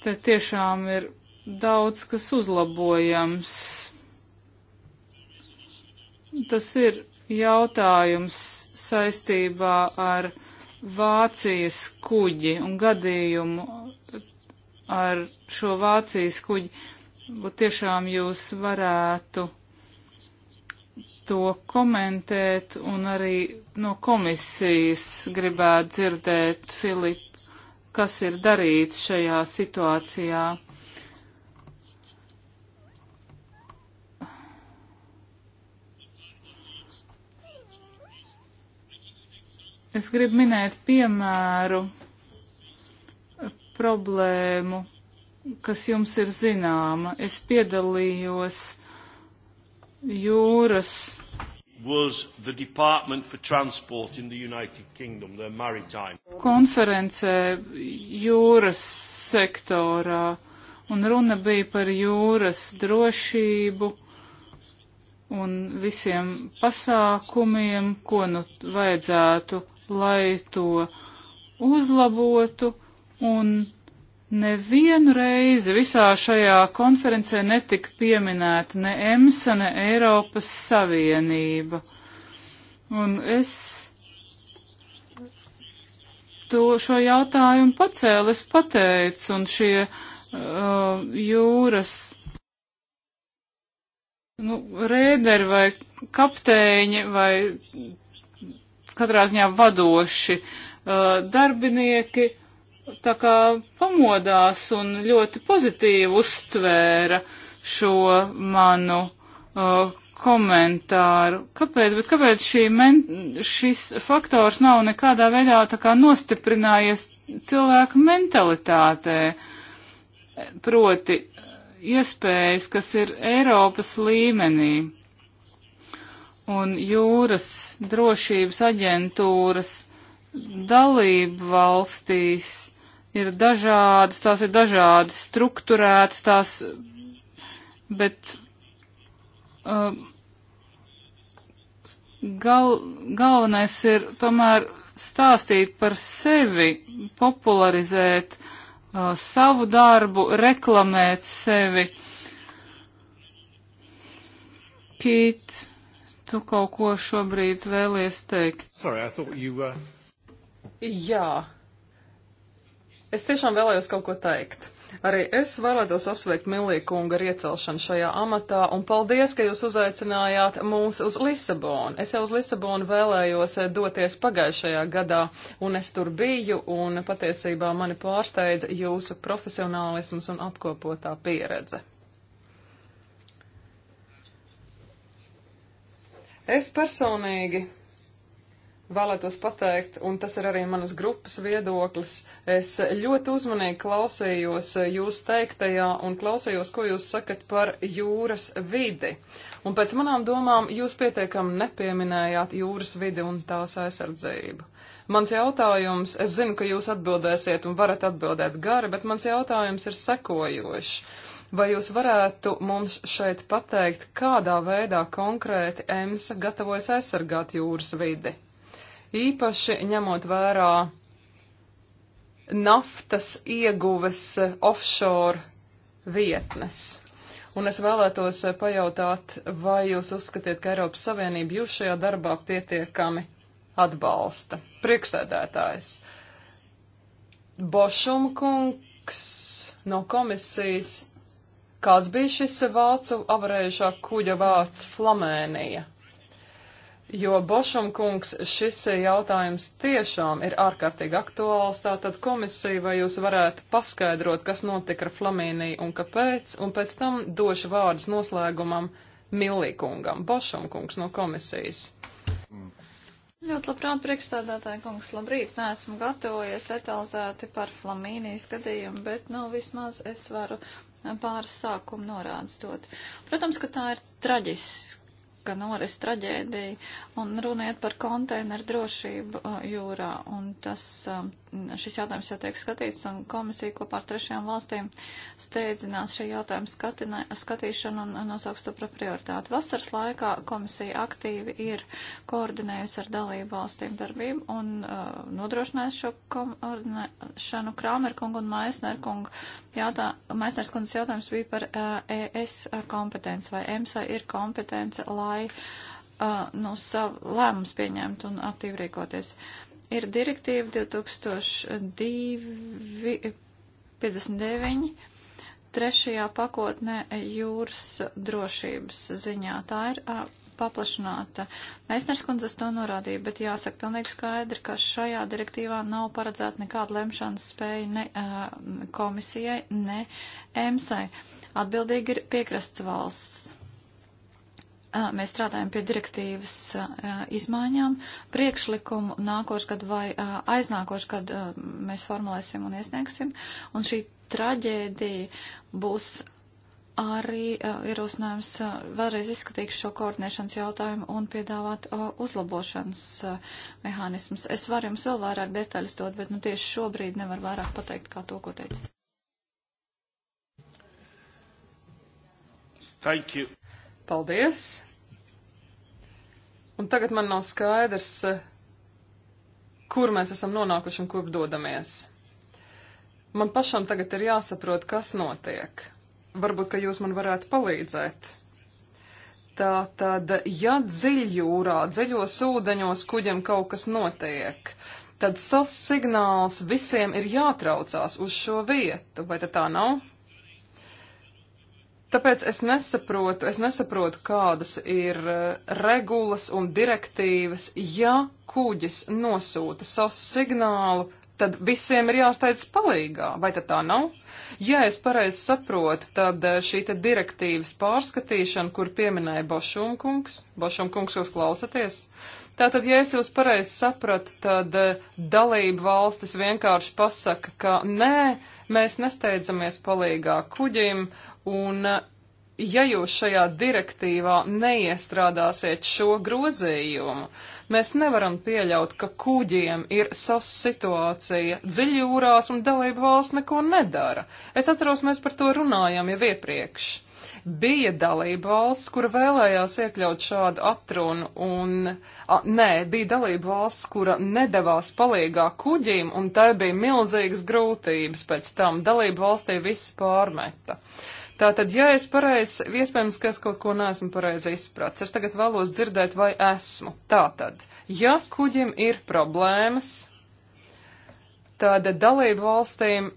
Te tiešām ir daudz kas uzlabojams. Tas ir jautājums saistībā ar Vācijas kuģi un gadījumu ar šo Vācijas kuģi, bet tiešām jūs varētu to komentēt un arī no komisijas gribētu dzirdēt, Filip, kas ir darīts šajā situācijā. Es gribu minēt piemēru problēmu, kas jums ir zināma. Es piedalījos jūras. Kingdom, konferencē jūras sektorā, un runa bija par jūras drošību un visiem pasākumiem, ko nu vajadzētu lai to uzlabotu, un nevienu reizi visā šajā konferencē netika pieminēta ne EMSA, ne Eiropas Savienība. Un es to, šo jautājumu pacēlu, es pateicu, un šie uh, jūras nu, rēderi vai kapteiņi vai katrā ziņā vadoši uh, darbinieki tā kā pamodās un ļoti pozitīvi uztvēra šo manu uh, komentāru. Kāpēc? Bet kāpēc šī men, šis faktors nav nekādā veidā tā kā nostiprinājies cilvēku mentalitātē? Proti iespējas, kas ir Eiropas līmenī un jūras drošības aģentūras dalību valstīs ir dažādas, tās ir dažādas struktūrētas, tās, bet uh, gal, galvenais ir tomēr stāstīt par sevi, popularizēt uh, savu darbu, reklamēt sevi. Kīt tu kaut ko šobrīd vēlies teikt? Sorry, I thought you were. Uh, Jā. Es tiešām vēlējos kaut ko teikt. Arī es vēlētos apsveikt Millīkunga ar iecelšanu šajā amatā un paldies, ka jūs uzaicinājāt mūs uz Lisabonu. Es jau uz Lisabonu vēlējos doties pagājušajā gadā, un es tur biju, un patiesībā mani pārsteidza jūsu profesionālisms un apkopotā pieredze. Es personīgi vēlētos pateikt, un tas ir arī manas grupas viedoklis, es ļoti uzmanīgi klausījos jūs teiktajā un klausījos, ko jūs sakat par jūras vidi. Un pēc manām domām jūs pietiekam nepieminējāt jūras vidi un tās aizsardzību. Mans jautājums, es zinu, ka jūs atbildēsiet un varat atbildēt gari, bet mans jautājums ir sekojošs. Vai jūs varētu mums šeit pateikt, kādā veidā konkrēti EMSA gatavojas aizsargāt jūras vidi? Īpaši ņemot vērā naftas ieguves offshore vietnes. Un es vēlētos pajautāt, vai jūs uzskatiet, ka Eiropas Savienība jūs šajā darbā pietiekami atbalsta. Priekšsēdētājs. Bošumkungs no komisijas Kāds bija šis vācu avarējušā kuģa vārds Flamēnija? Jo Bošam kungs šis jautājums tiešām ir ārkārtīgi aktuāls, tātad komisija vai jūs varētu paskaidrot, kas notika ar Flamīniju un kāpēc, un pēc tam došu vārdus noslēgumam Millikungam, Bošam kungs no komisijas. Mm. Ļoti labprāt, priekšstādātāji kungs, labrīt, neesmu gatavojies detalizēti par Flamīnijas gadījumu, bet, nu, vismaz es varu pāris sākumu norādes dot. Protams, ka tā ir traģiska noris traģēdija un runiet par konteineru drošību uh, jūrā un tas. Uh, šis jautājums jau tiek skatīts, un komisija kopā ar trešajām valstīm steidzinās šī jautājuma skatinē, skatīšanu un nosauks to par prioritāti. Vasaras laikā komisija aktīvi ir koordinējusi ar dalību valstīm darbību un uh, nodrošinājusi šo koordinēšanu. Krāmerkungu un Maisnerkungu jautā, Maisnerskundas jautājums bija par uh, ES kompetenci, vai EMSA ir kompetence, lai uh, nu, savu lēmumus pieņemt un aktīvi rīkoties. Uh, ir direktīva 2059 trešajā pakotnē jūras drošības ziņā. Tā ir a, paplašināta. Meisners kundze uz to norādīja, bet jāsaka pilnīgi skaidri, ka šajā direktīvā nav paredzēta nekāda lemšanas spēja ne a, komisijai, ne EMSai. Atbildīgi ir piekrasts valsts mēs strādājam pie direktīvas izmaiņām. Priekšlikumu nākošgad vai aiznākošgad mēs formulēsim un iesniegsim. Un šī traģēdija būs arī ierosinājums vēlreiz izskatīt šo koordinēšanas jautājumu un piedāvāt uzlabošanas mehānismus. Es varu jums vēl vairāk detaļas dot, bet nu tieši šobrīd nevar vairāk pateikt kā to, ko teicu. Thank you. Paldies! Un tagad man nav skaidrs, kur mēs esam nonākuši un kur dodamies. Man pašam tagad ir jāsaprot, kas notiek. Varbūt, ka jūs man varētu palīdzēt. Tā tad, ja dziļjūrā, dziļos ūdeņos kuģiem kaut kas notiek, tad sas signāls visiem ir jātraucās uz šo vietu, vai tā nav? Tāpēc es nesaprotu, es nesaprotu, kādas ir eh, regulas un direktīvas, ja kuģis nosūta savu signālu, tad visiem ir jāsteidz palīgā, vai tad tā nav? Ja es pareizi saprotu, tad eh, šī te direktīvas pārskatīšana, kur pieminēja Bošumkungs, Bošumkungs jūs klausaties, Tātad, ja es jūs pareizi sapratu, tad eh, dalība valstis vienkārši pasaka, ka nē, mēs nesteidzamies palīgā kuģim, Un ja jūs šajā direktīvā neiestrādāsiet šo grozījumu, mēs nevaram pieļaut, ka kuģiem ir sas situācija dziļjūrās un dalību valsts neko nedara. Es atceros, mēs par to runājām jau iepriekš. Bija dalība valsts, kura vēlējās iekļaut šādu atrunu, un, a, nē, bija dalība valsts, kura nedavās palīgā kuģim, un tai bija milzīgas grūtības pēc tam. Dalība valstī viss pārmeta. Uh, Tātad, ja es pareizi, iespējams, ka es kaut ko neesmu pareizi izpratis, es tagad vēlos dzirdēt, vai esmu. Tātad, ja kuģim ir problēmas, tad dalību valstīm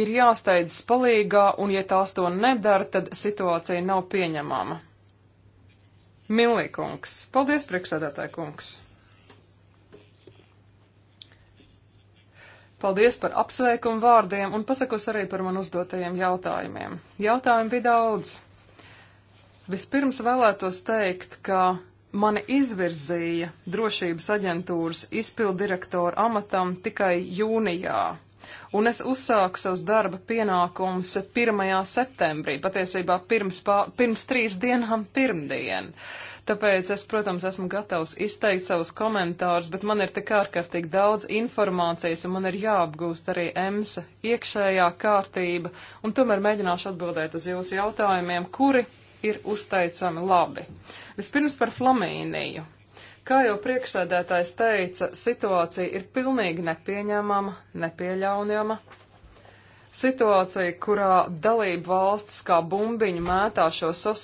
ir jāsteidzas palīgā, un ja tās to nedara, tad situācija nav pieņemama. Millīkungs, paldies priekšsēdētāji kungs! Paldies par apsveikumu vārdiem un pasakos arī par man uzdotajiem jautājumiem. Jautājumi bija daudz. Vispirms vēlētos teikt, ka mani izvirzīja drošības aģentūras izpildirektora amatam tikai jūnijā un es uzsāku savus darba pienākumus 1. septembrī, patiesībā pirms, pā, pirms trīs dienām pirmdien. Tāpēc es, protams, esmu gatavs izteikt savus komentārus, bet man ir tik ārkārtīgi daudz informācijas, un man ir jāapgūst arī EMSA iekšējā kārtība, un tomēr mēģināšu atbildēt uz jūsu jautājumiem, kuri ir uzteicami labi. Vispirms par Flamīniju. Kā jau priekšsēdētājs teica, situācija ir pilnīgi nepieņemama, nepieļaunjama, situācija, kurā dalību valstis kā bumbiņu mētā šo sos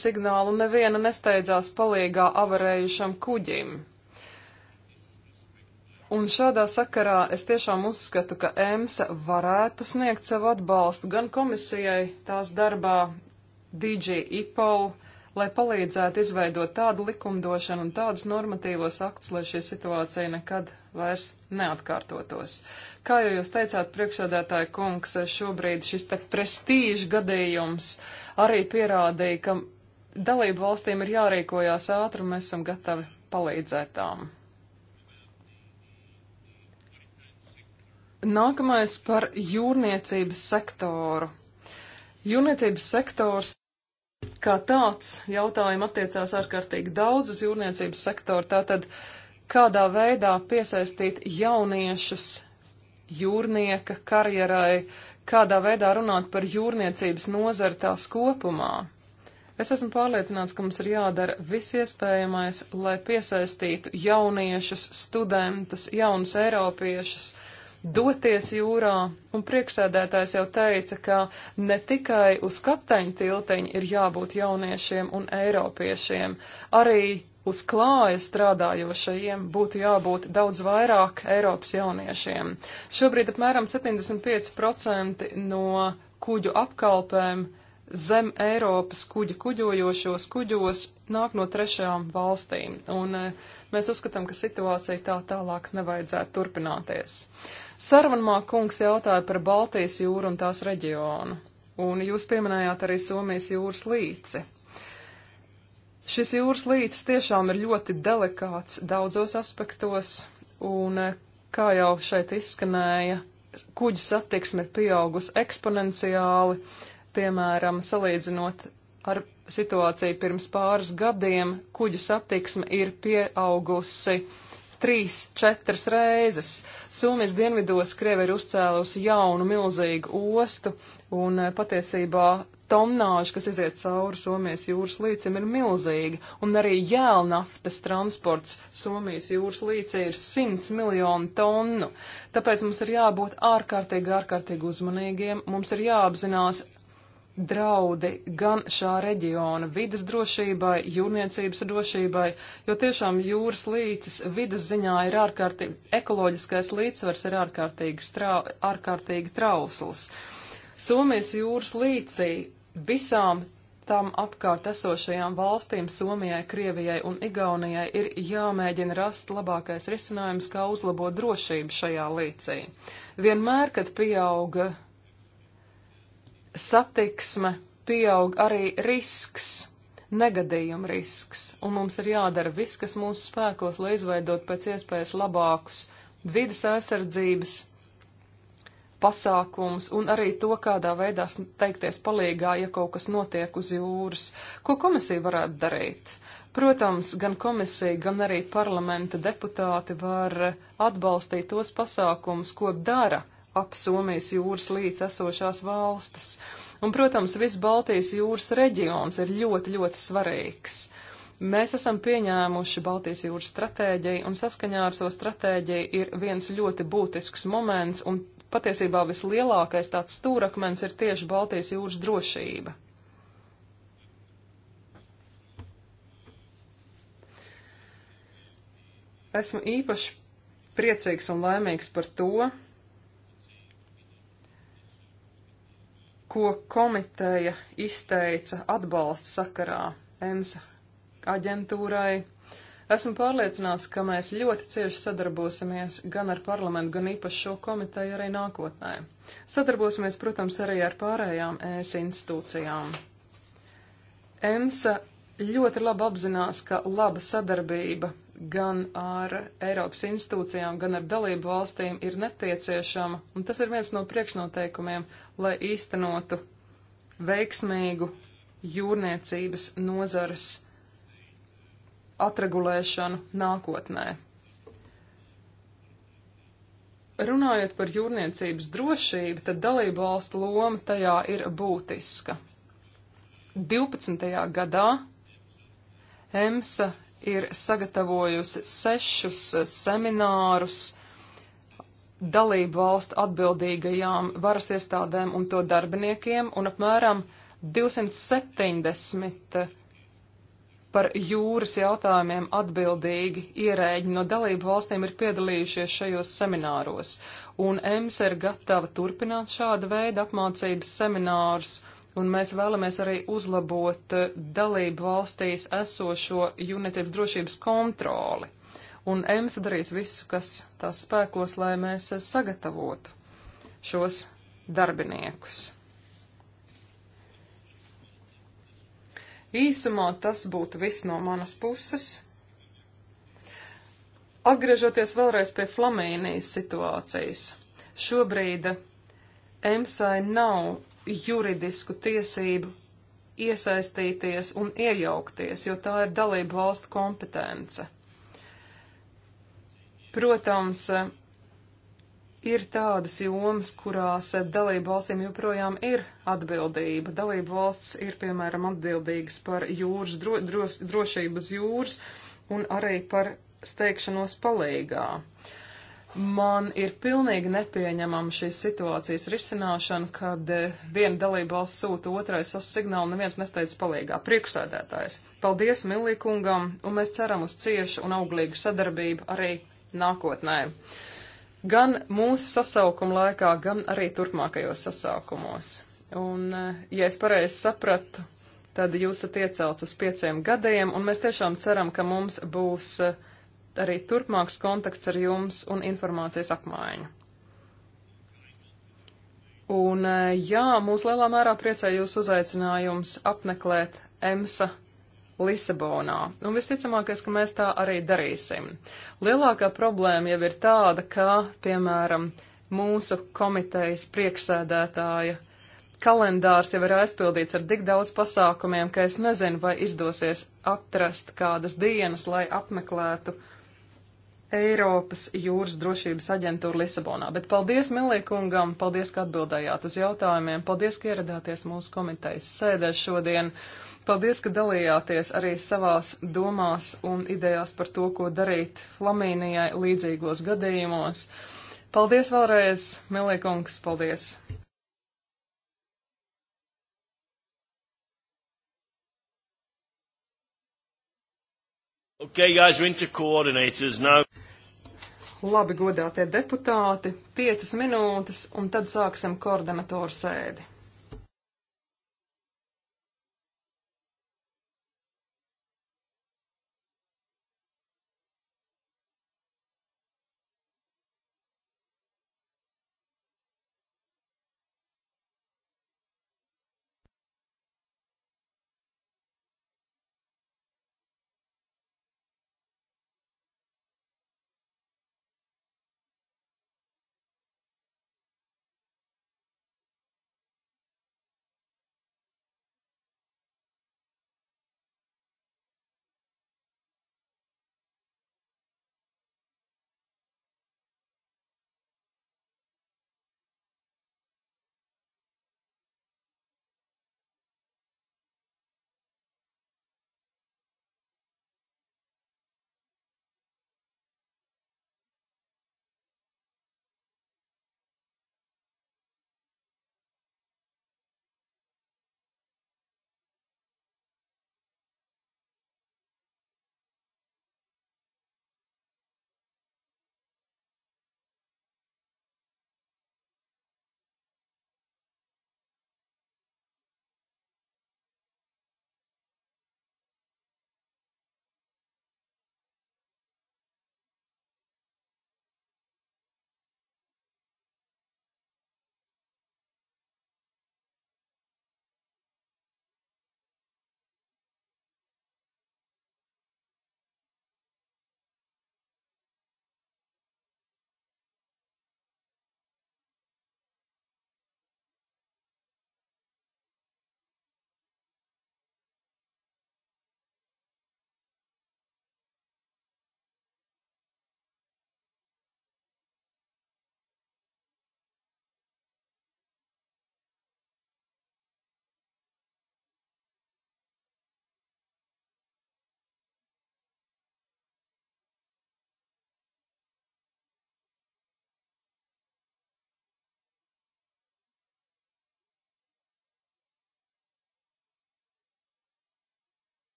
signālu neviena nesteidzās palīgā avarējušam kuģim. Un šādā sakarā es tiešām uzskatu, ka EMSA varētu sniegt savu atbalstu gan komisijai tās darbā, DJ IPOL, lai palīdzētu izveidot tādu likumdošanu un tādus normatīvos aktus, lai šī situācija nekad vairs neatkārtotos. Kā jau jūs teicāt, priekšsēdētāja kungs, šobrīd šis te prestīžu gadījums arī pierādīja, ka dalību valstīm ir jārīkojās ātri un mēs esam gatavi palīdzēt tām. Nākamais par jūrniecības sektoru. Jūrniecības sektors kā tāds jautājums attiecās ārkārtīgi daudz uz jūrniecības sektoru. Tātad, kādā veidā piesaistīt jauniešus jūrnieka karjerai, kādā veidā runāt par jūrniecības nozari tās kopumā. Es esmu pārliecināts, ka mums ir jādara viss iespējamais, lai piesaistītu jauniešus, studentus, jaunus eiropiešus doties jūrā, un priekšsēdētājs jau teica, ka ne tikai uz kapteiņa tilteņa ir jābūt jauniešiem un eiropiešiem, arī uz klāja strādājošajiem būtu jābūt daudz vairāk Eiropas jauniešiem. Šobrīd apmēram 75% no kuģu apkalpēm zem Eiropas kuģi kuģojošos kuģos nāk no trešajām valstīm, un eh, mēs uzskatām, ka situācija tā tālāk nevajadzētu turpināties. Sarvanmā kungs jautāja par Baltijas jūru un tās reģionu, un jūs pieminējāt arī Somijas jūras līci. Šis jūras līcis tiešām ir ļoti delikāts daudzos aspektos, un eh, kā jau šeit izskanēja, kuģu satiksme ir pieaugusi eksponenciāli, piemēram, salīdzinot ar situāciju pirms pāris gadiem, kuģu satiksme ir pieaugusi trīs, četras reizes. Sumijas dienvidos Krievi ir uzcēlusi jaunu milzīgu ostu, un eh, patiesībā tomnāža, kas iziet cauri Somijas jūras līcim, ir milzīga, un arī jēlnaftas transports Somijas jūras līcī ir 100 miljonu tonnu. Tāpēc mums ir jābūt ārkārtīgi, ārkārtīgi uzmanīgiem, mums ir jāapzinās draudi gan šā reģiona vidas drošībai, jūrniecības drošībai, jo tiešām jūras līcis vidas ziņā ir ārkārtīgi, ekoloģiskais līdzsvars ir ārkārtīgi, strā, ārkārtīgi trausls. Somijas jūras līcī visām tam apkārt esošajām valstīm, Somijai, Krievijai un Igaunijai, ir jāmēģina rast labākais risinājums, kā uzlabot drošību šajā līcī. Vienmēr, kad pieauga satiksme pieaug arī risks, negadījuma risks, un mums ir jādara viss, kas mūsu spēkos, lai izveidot pēc iespējas labākus vidas aizsardzības pasākums un arī to, kādā veidā teikties palīgā, ja kaut kas notiek uz jūras. Ko komisija varētu darīt? Protams, gan komisija, gan arī parlamenta deputāti var atbalstīt tos pasākumus, ko dara ap Somijas jūras līdz esošās valstis. Un, protams, viss Baltijas jūras reģions ir ļoti, ļoti svarīgs. Mēs esam pieņēmuši Baltijas jūras stratēģiju, un saskaņā ar šo so stratēģiju ir viens ļoti būtisks moments, un patiesībā vislielākais tāds stūrakmens ir tieši Baltijas jūras drošība. Esmu īpaši priecīgs un laimīgs par to, ko komiteja izteica atbalsta sakarā EMSA aģentūrai. Esmu pārliecināts, ka mēs ļoti cieši sadarbosimies gan ar parlamentu, gan īpaši šo komiteju arī nākotnē. Sadarbosimies, protams, arī ar pārējām ES institūcijām. EMSA ļoti labi apzinās, ka laba sadarbība gan ar Eiropas institūcijām, gan ar dalību valstīm ir nepieciešama, un tas ir viens no priekšnoteikumiem, lai īstenotu veiksmīgu jūrniecības nozares atregulēšanu nākotnē. Runājot par jūrniecības drošību, tad dalību valstu loma tajā ir būtiska. 12. gadā EMSA ir sagatavojusi sešus eh, seminārus dalību valstu atbildīgajām varas iestādēm un to darbiniekiem, un apmēram 270 eh, par jūras jautājumiem atbildīgi ierēģi no dalību valstīm ir piedalījušies šajos semināros, un EMS ir gatava turpināt šāda veida apmācības seminārus un mēs vēlamies arī uzlabot eh, dalību valstīs esošo jūrniecības drošības kontroli. Un EMS darīs visu, kas tās spēkos, lai mēs eh, sagatavotu šos darbiniekus. Īsumā tas būtu viss no manas puses. Atgriežoties vēlreiz pie Flamīnijas situācijas, šobrīd EMSAI nav juridisku tiesību iesaistīties un iejaukties, jo tā ir dalību valstu kompetence. Protams, ir tādas jomas, kurās dalību valstīm joprojām ir atbildība. Dalību valsts ir, piemēram, atbildīgas par jūras dro, dros, drošības jūras un arī par steigšanos palīgā. Uh, Man ir pilnīgi nepieņemama šīs situācijas risināšana, kad eh, viena dalībvalsts sūta otrais savu signālu, neviens nesteidz palīgā. Priekšsēdētājs. Paldies Millīkungam, un mēs ceram uz ciešu un auglīgu sadarbību arī nākotnē. Gan mūsu sasaukuma laikā, gan arī turpmākajos sasaukumos. Un, eh, ja es pareizi sapratu, tad jūs esat iecelts uz pieciem gadiem, un mēs tiešām ceram, ka mums būs uh, arī turpmāks kontakts ar jums un informācijas apmaiņa. Un eh, jā, mūs lielā mērā priecē jūs uzaicinājums apmeklēt EMSA Lisabonā, un visticamākais, ka mēs tā arī darīsim. Lielākā problēma jau ir tāda, ka, piemēram, mūsu komitejas priekšsēdētāja kalendārs jau ir aizpildīts ar tik daudz pasākumiem, ka es nezinu, vai izdosies atrast kādas dienas, lai apmeklētu uh, Eiropas jūras drošības aģentūra Lisabonā. Bet paldies Milīkungam, paldies, ka atbildējāt uz jautājumiem, paldies, ka ieradāties mūsu komitejas sēdē šodien, paldies, ka dalījāties arī savās domās un idejās par to, ko darīt Flamīnijai līdzīgos gadījumos. Paldies vēlreiz, Milīkungs, paldies! Okay, guys, Labi, godātie deputāti, piecas minūtes, un tad sāksim koordinatoru sēdi.